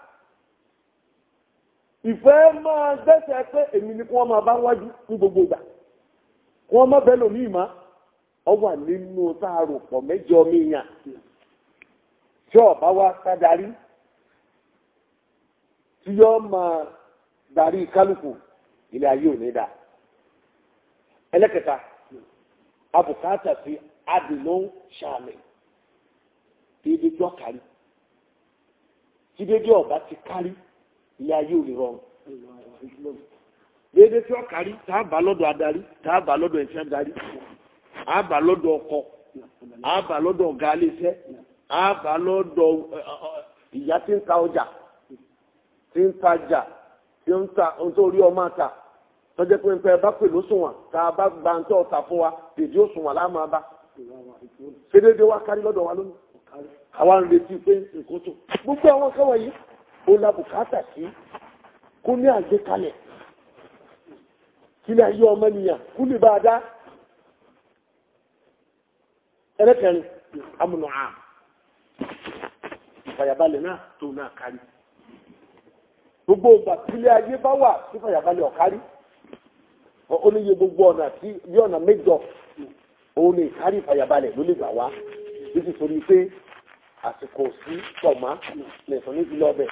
[SPEAKER 1] ìfẹ́ máa gbẹ́sẹ̀ pé èmi ni kí wọ́n máa bá wájú ní gbogbo ìgbà kí wọ́n má bẹ́ẹ̀ lò ní ìmá ọ wà nínú sáàrò pọ̀ mẹ́jọ míyàn tí ọba wa sádarí tí yọ máa darí kálukú ilé ayé ò ní dá ẹlẹ́kẹta abùkátà sí adìlọ́ sàmì tí dédé ọ̀kárí tí dédé ọba ti kárí ilé ayé ò lè rọrùn déédéé tí ó kárí tá a bá lọ́dọ̀ adarí tá a bá lọ́dọ̀ ẹ̀fẹ́ darí a bá lọ́dọ̀ ọkọ a bá lọ́dọ̀ ọ̀gá iléeṣẹ́ a bá lọ́dọ̀ eh, ìyá tí ń ta ọjà tí ń tajà tí ń ta ohun tó rí ọmọ ta tọ́jẹ́ pé nǹkan ẹ bá pè lóṣùwọ̀n tá a bá gba ń tọ́ ọ̀tà fún wa dèjì òṣùwọ̀n láàmú abá ṣé déédéé wá kárí lọ́dọ̀ wa lónìí àwa ń retí pé nǹkan tó gbogbo àwọn kẹwàá yìí ó lábùkátà sí kó ní àgbékalẹ̀ kí ní ayé ọmọ nìyàn kú lè bá dá ẹlẹ́kẹrin amúnà à ìfàyàbalẹ̀ náà tó náà kárí gbogbo ìgbà tílé ayé bá wà tí ìfàyàbalẹ̀ ọ̀kárí ó ní iye gbogbo ọ̀nà tí yọ̀nà méjọ òun ní ìkárí ìfàyàbalẹ̀ ló lè gbà wá nítorí pé àsìkò sí tọ̀mọ́ nìkan níbi lọ́bẹ̀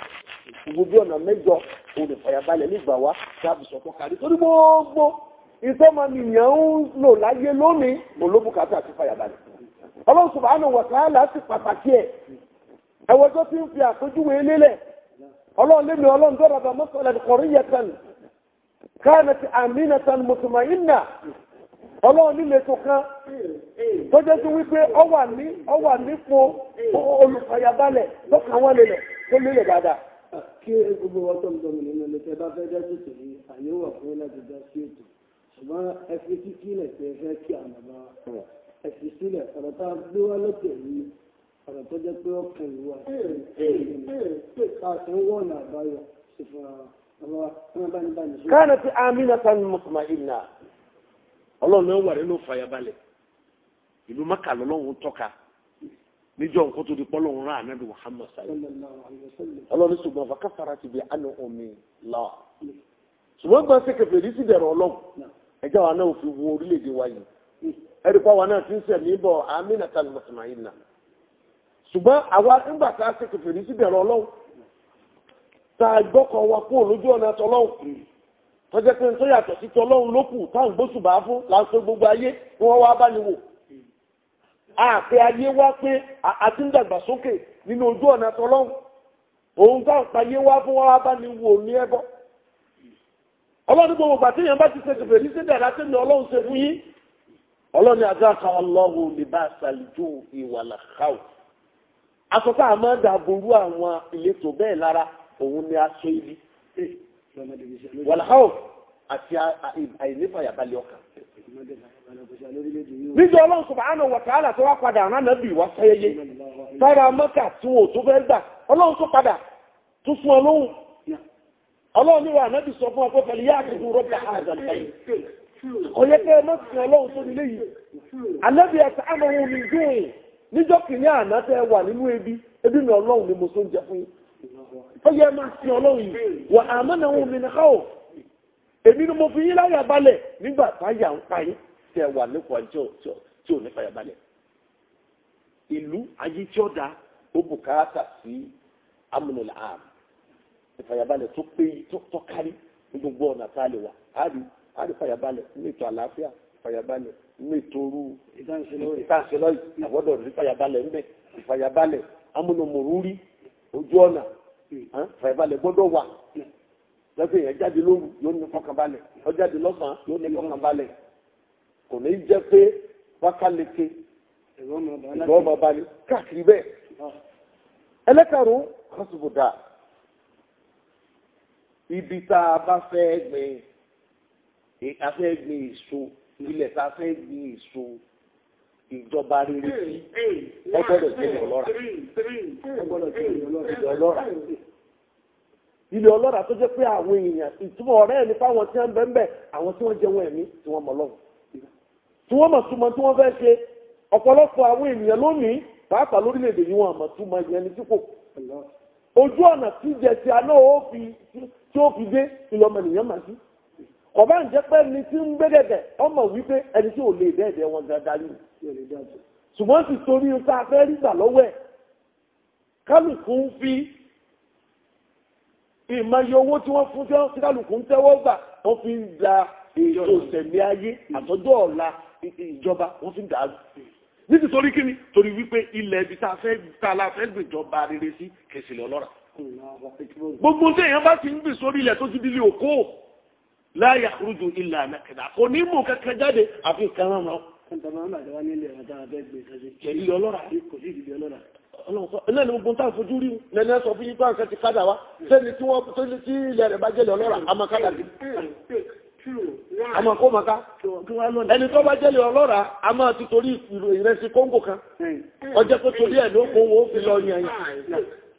[SPEAKER 1] gbogbo ọ̀nà mẹ́jọ olùfàyàbalẹ̀ nígbà wá sábì sọ̀tọ̀ kárí torí gbogbo ìtọ́mọnìyàn ń lò láyé lónìí olóbùkátà àti fàyàbalẹ̀ ọlọ́run subhanahu wa ta'ala sí pàtàkì ẹ̀ ẹ̀wọ̀n tó ti ń fi àpéjúwe lélẹ̀ ọlọ́run lémi ọlọ́run tó rọ̀bà mọ́sálẹ̀ kọ̀ríyẹ̀tàn kánàtì àmínàtàn mùtùmáyínà ọlọ́run tó kan tó jẹ́ tó wípé ọ wà nípo olùfàyàbalẹ̀ tó kàn wọ́n tó lélẹ̀ dáadáa. kí gbogbo wọn tó nínú ilé tẹ́ bá fẹ́ jẹ́ tòtò ní àyẹ̀wò fún láti dá sí ètò ṣùgbọ́n ẹ fi fẹ́ kí ọlọ́run náà wà nínú fàyàbalẹ̀ ìlú maka lọ́lọ́run tọka. níjọ́ nǹkan tó di pọ́lọ́run rán ànábì muhammad sallallahu alaihi wasallam ọlọ́run ṣùgbọ́n ti bi àná omi lọ ṣùgbọ́n gbọ́n ṣe kẹfẹ́ rí sí dẹ̀rọ̀ wa náà wo wa yìí pa wa náà ti ń ní àwa ńgbà tá a ṣe tọ́jẹ́ pé tó yàtọ̀ sí ti ọlọ́run ló kù táwọn gbóṣùbà fún láńpẹ́ gbogbo ayé kí wọ́n wá bá ní wò àpẹ ayé wá pé àti ń dàgbà sókè nínú ojú ọ̀nà tọlọ́run òun táwọn payé wá fún wọ́n wá bá ní wò ní ẹbọ ọlọ́run gbogbo ìgbà tí èèyàn bá ti ṣètò fèrè sí dàdá tẹ́mi ọlọ́run ṣe fún yín ọlọ́run àjọ kan ọlọ́run lè bá ṣàlùjọ ìwàlà káwọ̀ wàlàkàwò àti a balẹ̀ ọkàn. Níjọ ọlọ́run subhanahu wa ta'ala tó wá padà rán nàbì wá sáyẹyẹ. Sára Mọ́kà tún ò tó fẹ́ gbà. Ọlọ́run tó padà tún fún ọlọ́run. Ọlọ́run ní wà nàbì sọ fún pẹ̀lú fún rọ́bì mọ́ ó yẹ máa sin ọlọ́run yìí wà àmọ́nà òun mi nìkan ò èmi ni mo fi yín láyà balẹ̀ nígbà táyà ń pa yín tẹ wà nípò àjọ tí ò ní fàyà balẹ̀ ìlú ayé tí ó da ó bùkátà sí amúnulà àm ìfàyàbalẹ̀ tó pé tó kárí ní gbogbo ọ̀nà tá a lè wà á rí á rí fàyàbalẹ̀ nínú ètò àlàáfíà fàyàbalẹ̀ nínú ètò orú ìtànṣẹ́lọ́yì àwọ̀dọ̀ rí fàyàbalẹ̀ ńbẹ ìfàyàbalẹ̀ amúnumùrú rí ojú ọ̀nà fàìbalẹ̀ gbọ́dọ̀ wà lọ́sẹ̀ yẹn jáde lóru yóò ní fọkànbalẹ̀ ọjáde lọ́sàn-án yóò ní fọkànbalẹ̀ kò ní jẹ́ pé wákàlẹ́kẹ́ ìgbọ́mọ̀ balẹ̀ káàkiri bẹ́ẹ̀ ẹlẹ́kàrún kọ́sùbùdà ibi tá a bá fẹ́ gbìn a fẹ́ gbìn èso ilẹ̀ tá a fẹ́ gbìn èso ìjọba rere ẹ gbọ́dọ̀ jẹ́ ìlọ́ra ìlọ́ ọlọ́ra ilé ọlọ́ra tó jẹ́ pé àwọn èèyàn ìtumọ̀ ọ̀rẹ́ ẹni fáwọn tí wọ́n bẹ́ẹ̀ àwọn tí wọ́n jẹun ẹ̀mí tí wọ́n mọ̀ lọ́wọ́ tí wọ́n mọ̀ súnmọ́ tí wọ́n fẹ́ ṣe ọ̀pọ̀lọpọ̀ àwọn ènìyàn lónìí pàápàá lórílẹ̀‐èdè yìí wọn àmọ̀ túmọ̀ yẹn ní dípò ojú ọ̀nà tí jẹ̀sí aná ó fi tí ó fi dé ìlọ́mọ nìyẹn màá sí kọ̀bá ń jẹ́ pé ẹni tí ń gbẹ́dẹ̀dẹ̀ ọmọ wípé ẹni tí ò lè dẹ́ẹ̀dẹ̀ wọn dáadáa yìí ṣùgbọ́n sì torí nǹkan afẹ́ rígbà lọ́wọ́ ẹ̀ kálukú ń fi ìmọye owó tí wọ́n fún tí kálukú ń tẹ́wọ́ gbà wọ́n fi ń da ètò ìsẹ̀mí ayé àtọ́jọ́ ọ̀la ìjọba wọ́n fi ń dàrú nítorí kíni torí wípé ilẹ̀ ibi tá a fẹ́ tá a la fẹ́ gbèjọba rere sí kèsì lọ́lọ́ra gbogbo tí èèyàn bá ti ń gbè sórí ilẹ̀ tó ti di ilé òkú láyà rújù ilà nàkàdà kò ní mú kankan jáde àfi kankan mọ́. kàntàmọ́ àwọn àjọ wa nílé ẹ̀dá abẹ́ gbé kẹ́sì kẹ́lí ọlọ́ra kò sí ìdílé ọlọ́ra. náà ni gbogbo táwọn fojú rí lẹ́nu ẹ̀sọ́ fún yípa nǹkan ti kádà wá sẹ́ni tí wọ́n tó ti ilẹ̀ rẹ̀ bá jẹ́lẹ̀ ọlọ́ra àmọ́ kádà pé torí ẹ̀ ló kó owó fi lọ yẹn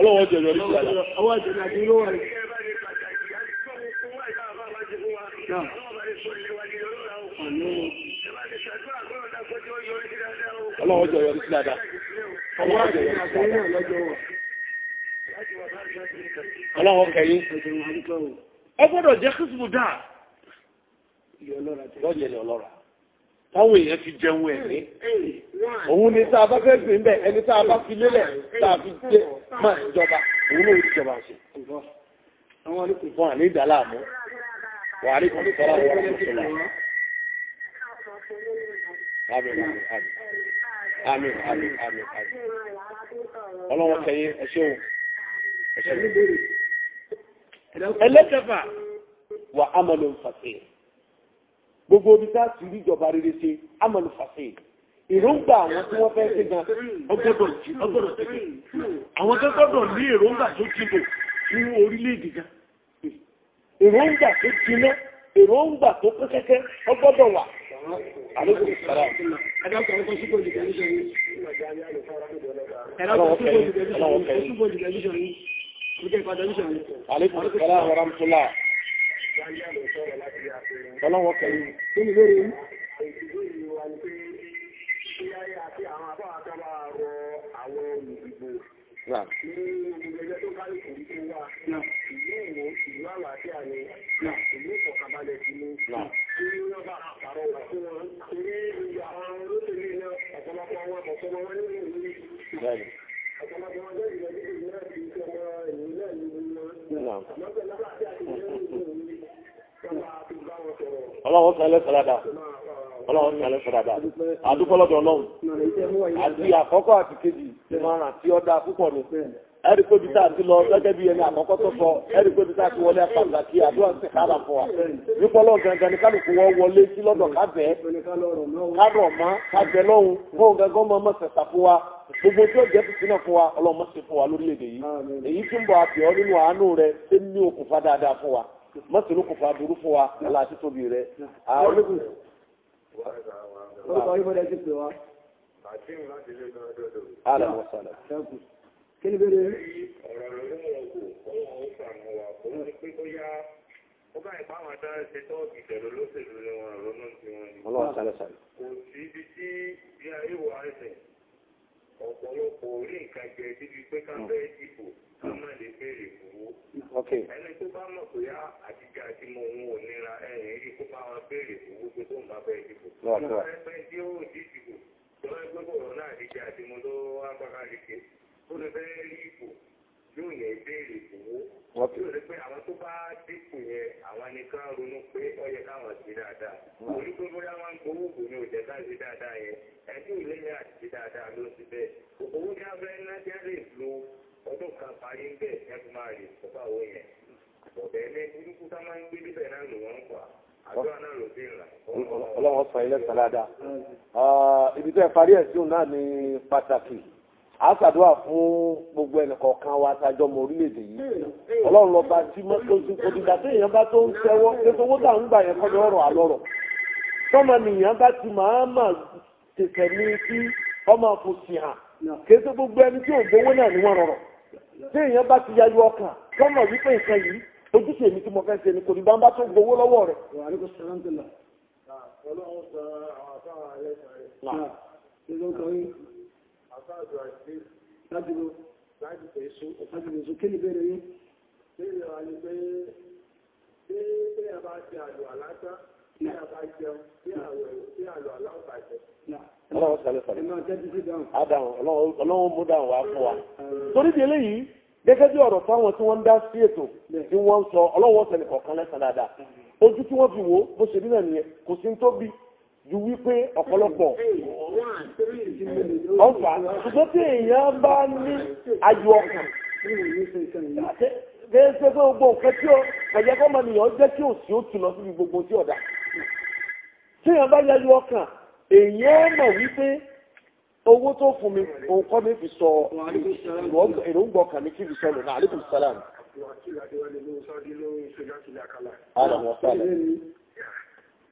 [SPEAKER 1] ọlọ́wọ́ jẹjọ rí padà ọwọ́ jẹjọ àti ló wà ní ọlọ́wọ́ jẹjọ rí padà ọlọ́wọ́ jẹjọ rí padà ọlọ́wọ́ kẹyìn ọgbọ́dọ̀ jẹ́ táwọn èèyàn ti jẹun ẹ̀mí òun ni tá a bá fẹ́ gbìn bẹ́ẹ̀ ẹni tá a bá fi lélẹ̀ tá a fi jẹ́ máa jọba òun ló ti jọba ṣe fún àní ìdálà àmú wàhálì kan sọ́ra wọn kò sọ́ra àmín àmín àmín àmín àmín ọlọ́wọ́ tẹ̀yìn ẹ̀ṣẹ́ òun ẹ̀ṣẹ́ ẹlẹ́kẹfà wà ámọ́lò ń fàṣẹ́yìn gbogbo omi tá a sì rí ìjọba rere ṣe amọ̀lù fàṣẹ èròǹgbà àwọn tí wọ́n fẹ́ ṣe gan ọgbọ́dọ̀ jí ọgbọ́dọ̀ tẹ̀lé àwọn tó gbọ́dọ̀ ní èròǹgbà tó jìnnà nínú orílẹ̀-èdè gan èròǹgbà tó jìnnà èròǹgbà tó kún kẹ́kẹ́ ọgbọ́dọ̀ wà Àlékùn Sàrá àwọn ọ̀rọ̀ ọlọ́wọ́ kẹ̀yìn kí ni lórí yìí. Thank ọlọ́run sẹ́lẹ̀ sẹ́lẹ̀dà ọlọ́run sẹ́lẹ̀ sẹ́lẹ̀dà àdúgbọ́lọ́dọ̀ ọlọ́run àti àkọ́kọ́ àti kejì ìmọ̀ràn tí ó dáa púpọ̀ ní ẹ̀rí pé bíta àti lọ gẹ́gẹ́ bí ẹni àkọ́kọ́ tó sọ ẹ̀rí pé wọlé pàtàkì àdúrà kára fún wa kálukú wọlé sí lọ́dọ̀ kábẹ́ kárọ̀ mọ́ kábẹ́ lọ́hùn fún mọ́ sẹ̀sà fún wa gbogbo tí ó jẹ́ náà fún wa sí mọ́sùlù kò fà burú fún wa aláàtí tóbi rẹ̀. Ààrẹ wọn sọ̀rọ̀. Kí ni bẹ́ẹ̀ rẹ̀? Ọ̀rọ̀ lórí wọn kò wọ́n wọ́n sàmù wa, kò ní pé bóyá ó bá ìpáwọn adára ṣe tọ́ọ̀kì ìṣẹ̀lú lóṣèlú ni àrọ́nà tí wọ́n ní. Ọlọ́run sálẹ̀ sálẹ̀. Kò sí ibi tí bí ayé wọ àìsàn ọ̀pọ̀lọpọ̀ orí nǹkan jẹ síbi pé ká bẹ́ẹ̀ dìbò ká má lè béèrè owó. ẹni tó bá mọ̀ pé á àtijọ́ àti mo òun ò nira ẹ̀yìn rí kó bá wọn béèrè owó pé tó ń bá bẹ́ẹ̀ dìbò. ọ̀pọ̀ ẹgbẹ́ tí ó dìbò lọ́wọ́ ẹgbẹ́ yóò yẹ ìbéèrè ìfowó yóò rí pé àwọn tó bá dínkù yẹn àwọn nìkan ronú pé ó yẹ káwọn sí dáadáa orí pé bóyá wọn ń gbowó ògùn ní òjẹ ká sí dáadáa yẹn ẹni ìléyà àti dáadáa ló ti bẹ òkòwò ní abẹ ńlá jẹ lè lo ọdún kan parí ń bẹ ẹkùn máa rè fọba owó yẹn ọbẹ ní burúkú tá máa ń gbé níbẹ̀ náà lò wọn pa àdúrà sọ ilé sàládà ah, ibi tó ẹ parí ẹ̀sùn náà ni pàtàkì. a ṣàdúrà fún gbogbo kan wa àtàjọ ọmọ orílẹ̀-èdè yìí ọlọ́run lọ bá tí mọ́tòsí òdìgbà èèyàn bá tó ń tẹ́wọ́ lẹ́sọ̀wọ́ tá a ń gbà yẹn kọ́ni ọ̀rọ̀ bá ti máa ní kí ọmọ àfòsì hàn kì gbogbo ẹni tí ò gbowó náà ni rọrọ̀ bá ti ọkàn tọ́mọ wípé nǹkan yìí ojúṣe mi tí mo fẹ́ ń lájúlọ láti pẹ̀ èso ọ̀fájúlọ èso kí ni bẹ̀rẹ̀ yìí bẹ̀rẹ̀ wà ní pé bí a bá ti àlò àlátá bí a bá jẹun bí àwẹ̀ bí àlò aláwọ̀bàjẹ́ Ọlọ́run sàlẹ̀ sàlẹ̀. Ọlọ́run mú dáhùn wá fún wa. Torí di eléyìí, gẹ́gẹ́ bí ọ̀rọ̀ táwọn tí wọ́n ń dá sí ètò tí wọ́n ń sọ ọlọ́wọ́ sẹ̀lẹ̀ kọ̀ọ̀kan lẹ́sàn Ojú tí wọ́n fi wò bó ṣe rí náà nìyẹn, kò sí ń tó bí ju wípé ọ̀pọ̀lọpọ̀ ọ̀fà ṣùgbọ́n tí èèyàn bá ní ayọ̀ ọkàn kéèsé pé gbogbo nǹkan tí ó ẹ̀jẹ̀ kọ́ máa nìyàn jẹ́ kí òsì ó tù lọ síbi gbogbo tí ọ̀dà tí èèyàn bá yẹ ayọ̀ ọkàn èèyàn mọ̀ wípé owó tó fún mi òun kọ́ mi fi sọ èròǹgbọ̀ ọkàn mi kí fi sọ lọ́nà àlékún sálàmù.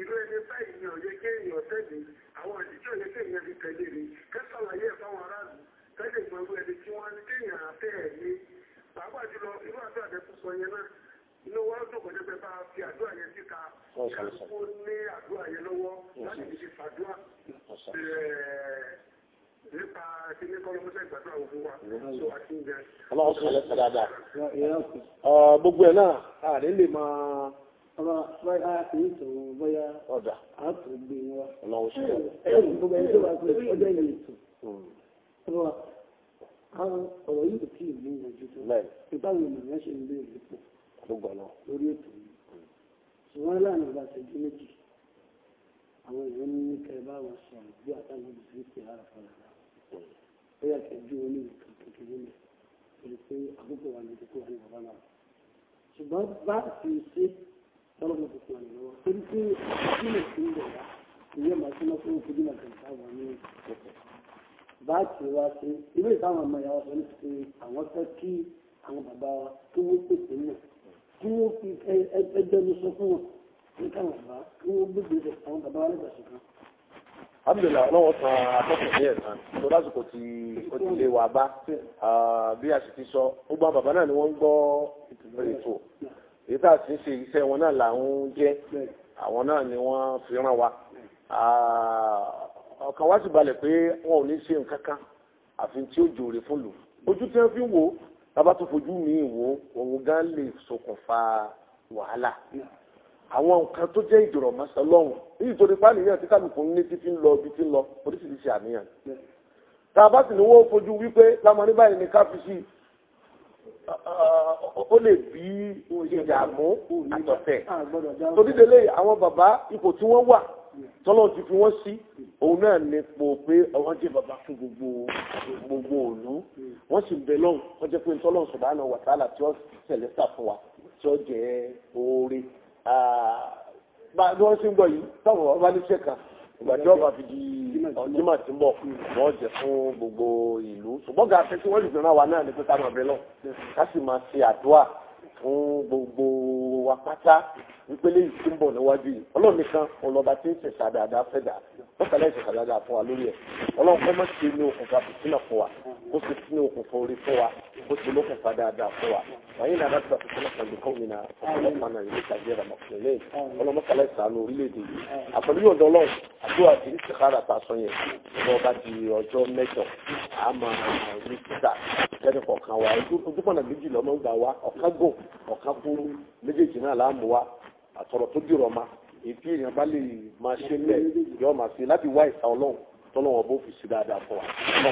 [SPEAKER 1] ìlú ẹni báyìí ni ọ̀yẹ́ kí èèyàn tẹ̀lé àwọn àdìjọ́ ọ̀yẹ́ kí èèyàn fi tẹ̀lé ni kẹ́sàlàyé ẹ̀fáwọn aráàlú tẹ́lẹ̀ gbọ́rú ẹni tí wọ́n ní kéèyàn àtẹ́ ẹ̀ ní pàápàá jùlọ irú àti àdẹ́kùn sọ yẹn náà inú wa ń dùnkọ̀ nípa bá fi àdúrà yẹn síta kó ní àdúrà yẹn lọ́wọ́ láti fi fàdúrà nípa ti ní kọ́lọ́mọ́sẹ̀ ìgbàdúrà òun wa tó wà sí ìjẹ. ọlọ́run sọ̀rọ̀ lẹ́sẹ̀ dáadáa gbogbo ẹ̀ náà àdé lè máa ọ̀rọ̀ bóyá kìí sọ̀rọ̀ bóyá ọ̀dà àtúgbè wọn ọlọ́wọ́ sí ẹ̀rù gbogbo ẹni tó wà pé ọjọ́ ìlú ètò ọ̀rọ̀ ọ̀rọ̀ yìí kò tí ì mú ojú tó ìbáwọn ènìyàn ṣe ń lé ìlú pọ̀ lórí ètò yìí ṣùgbọ́n láàrin ìgbà ṣẹ́jú méjì àwọn èèyàn ní kẹ bá wọn sọ bí àtàwọn olùsí ti ara fún hmm. ó yà kẹjú oní nǹkan kékeré ṣùgbọ́n bá ti ṣe tọ́lọ́mù tó fún àyẹ̀wò torí pé sílẹ̀ sí ilẹ̀ wa ìyẹ́ màá súnmọ́ fún òfin náà kan táwọn ní ọ̀pọ̀ bá ti wá sí ilé ìtawọn ọmọ ìyàwó sọ ní pé àwọn fẹ́ kí àwọn bàbá wa kí wọ́n pèsè náà kí wọ́n fi ẹgbẹ́ mi sọ fún wọn ní káwọn bá kí wọ́n gbégbé rẹ̀ àwọn bàbá wa lẹ́gbàá ṣùgbọ́n. Abdulla lọ́wọ́ san akọ́kọ̀ ní ẹ̀sán tó lásìkò tí ó ti lè wà bá ah, bí a sì ti sọ gbogbo àwọn bàbá náà ni wọ́n gbọ́ ètò èyí tá a ti ń ṣe iṣẹ́ wọn náà là ń jẹ́ àwọn náà ni wọ́n fi ràn wá ọkàn wá sì balẹ̀ pé wọn ò ní ṣe nǹkan kan àfi tí ó jòrè fún lò ojú tí wọ́n fi ń wò bàbá tó fojú mi wò òun gan lè ṣokùnfà wàhálà àwọn nǹkan tó jẹ́ ìdòrò mọ́sá lọ́hùn nítorí pàníyàn tí kálukú ní ti ń lọ ibi tí ń lọ oríṣiríṣi àníyàn tá a bá sì ní wọ́n fojú wípé lámọ́ ní ni ká fi sí i ó lè bí ìdààmú àtọ̀tẹ̀ torídélé àwọn bàbá ipò tí wọ́n wà tọ́lọ́ ti fi wọ́n sí òun náà ní po pé wọ́n jẹ́ bàbá fún gbogbo gbogbo òlu wọ́n sì bẹ lọ́hùn wọ́n jẹ́ pé tọ́lọ́ subhanahu wa ta'ala tí ó tẹ̀lé sà fún wa tí ó jẹ́ oore bí wọ́n ṣe ń gbọ́ yìí táwọn ọba níṣẹ́ kan ìgbà tí ọba fi di ọjímà tí ń bọ̀ wọ́n jẹ fún gbogbo ìlú ṣùgbọ́n gàá fẹ́ kí wọ́n lè dùn náà wà náà ní pé ká máa bẹ lọ ká sì máa ṣe àdúrà fún gbogbo wa pátá ìpele yìí tí ń bọ̀ níwájú yìí ọlọ́run nìkan ọlọ́ba tí ń ṣẹ̀ṣà dáadáa fẹ́dà lọ́sàlẹ̀ ìṣẹ̀ṣà dáadáa fún wa lórí ẹ̀ ọlọ́run kọ́ mọ́ sí ní okùnfà fìtínà fún wa ó sì sí ní okùnfà orí fún wa ó sì lókùnfà dáadáa fún wa wàyí nàdá tó àti sọ́nà pẹ̀lú kọ́wìnà ọlọ́pàá ìlú ìtàgé ramakilẹ̀ ọlọ́mọsàlẹ̀ ìsàánú orílẹ̀-èdè yìí àpẹẹrẹ yóò dọ́lọ́ àdúrà tí ń sèkára ta sọ yẹn lọ́ba di ọjọ́ mẹ́jọ àmọ́ ní títà kẹ́ni kọ̀ọ̀kan wa ojúkọ̀nà méjì lọ́mọ́ gbà wá ọ̀kágùn ọ̀kan fún méjèèjì náà láàmú wa àtọ̀rọ̀ tó dìrọ̀ ma ètí èèyàn bá lè máa ṣe lẹ̀ yọ máa ṣe láti wá ìta ọlọ́run tọ́lọ́wọ́n bó fi ṣe dáadáa fún wa.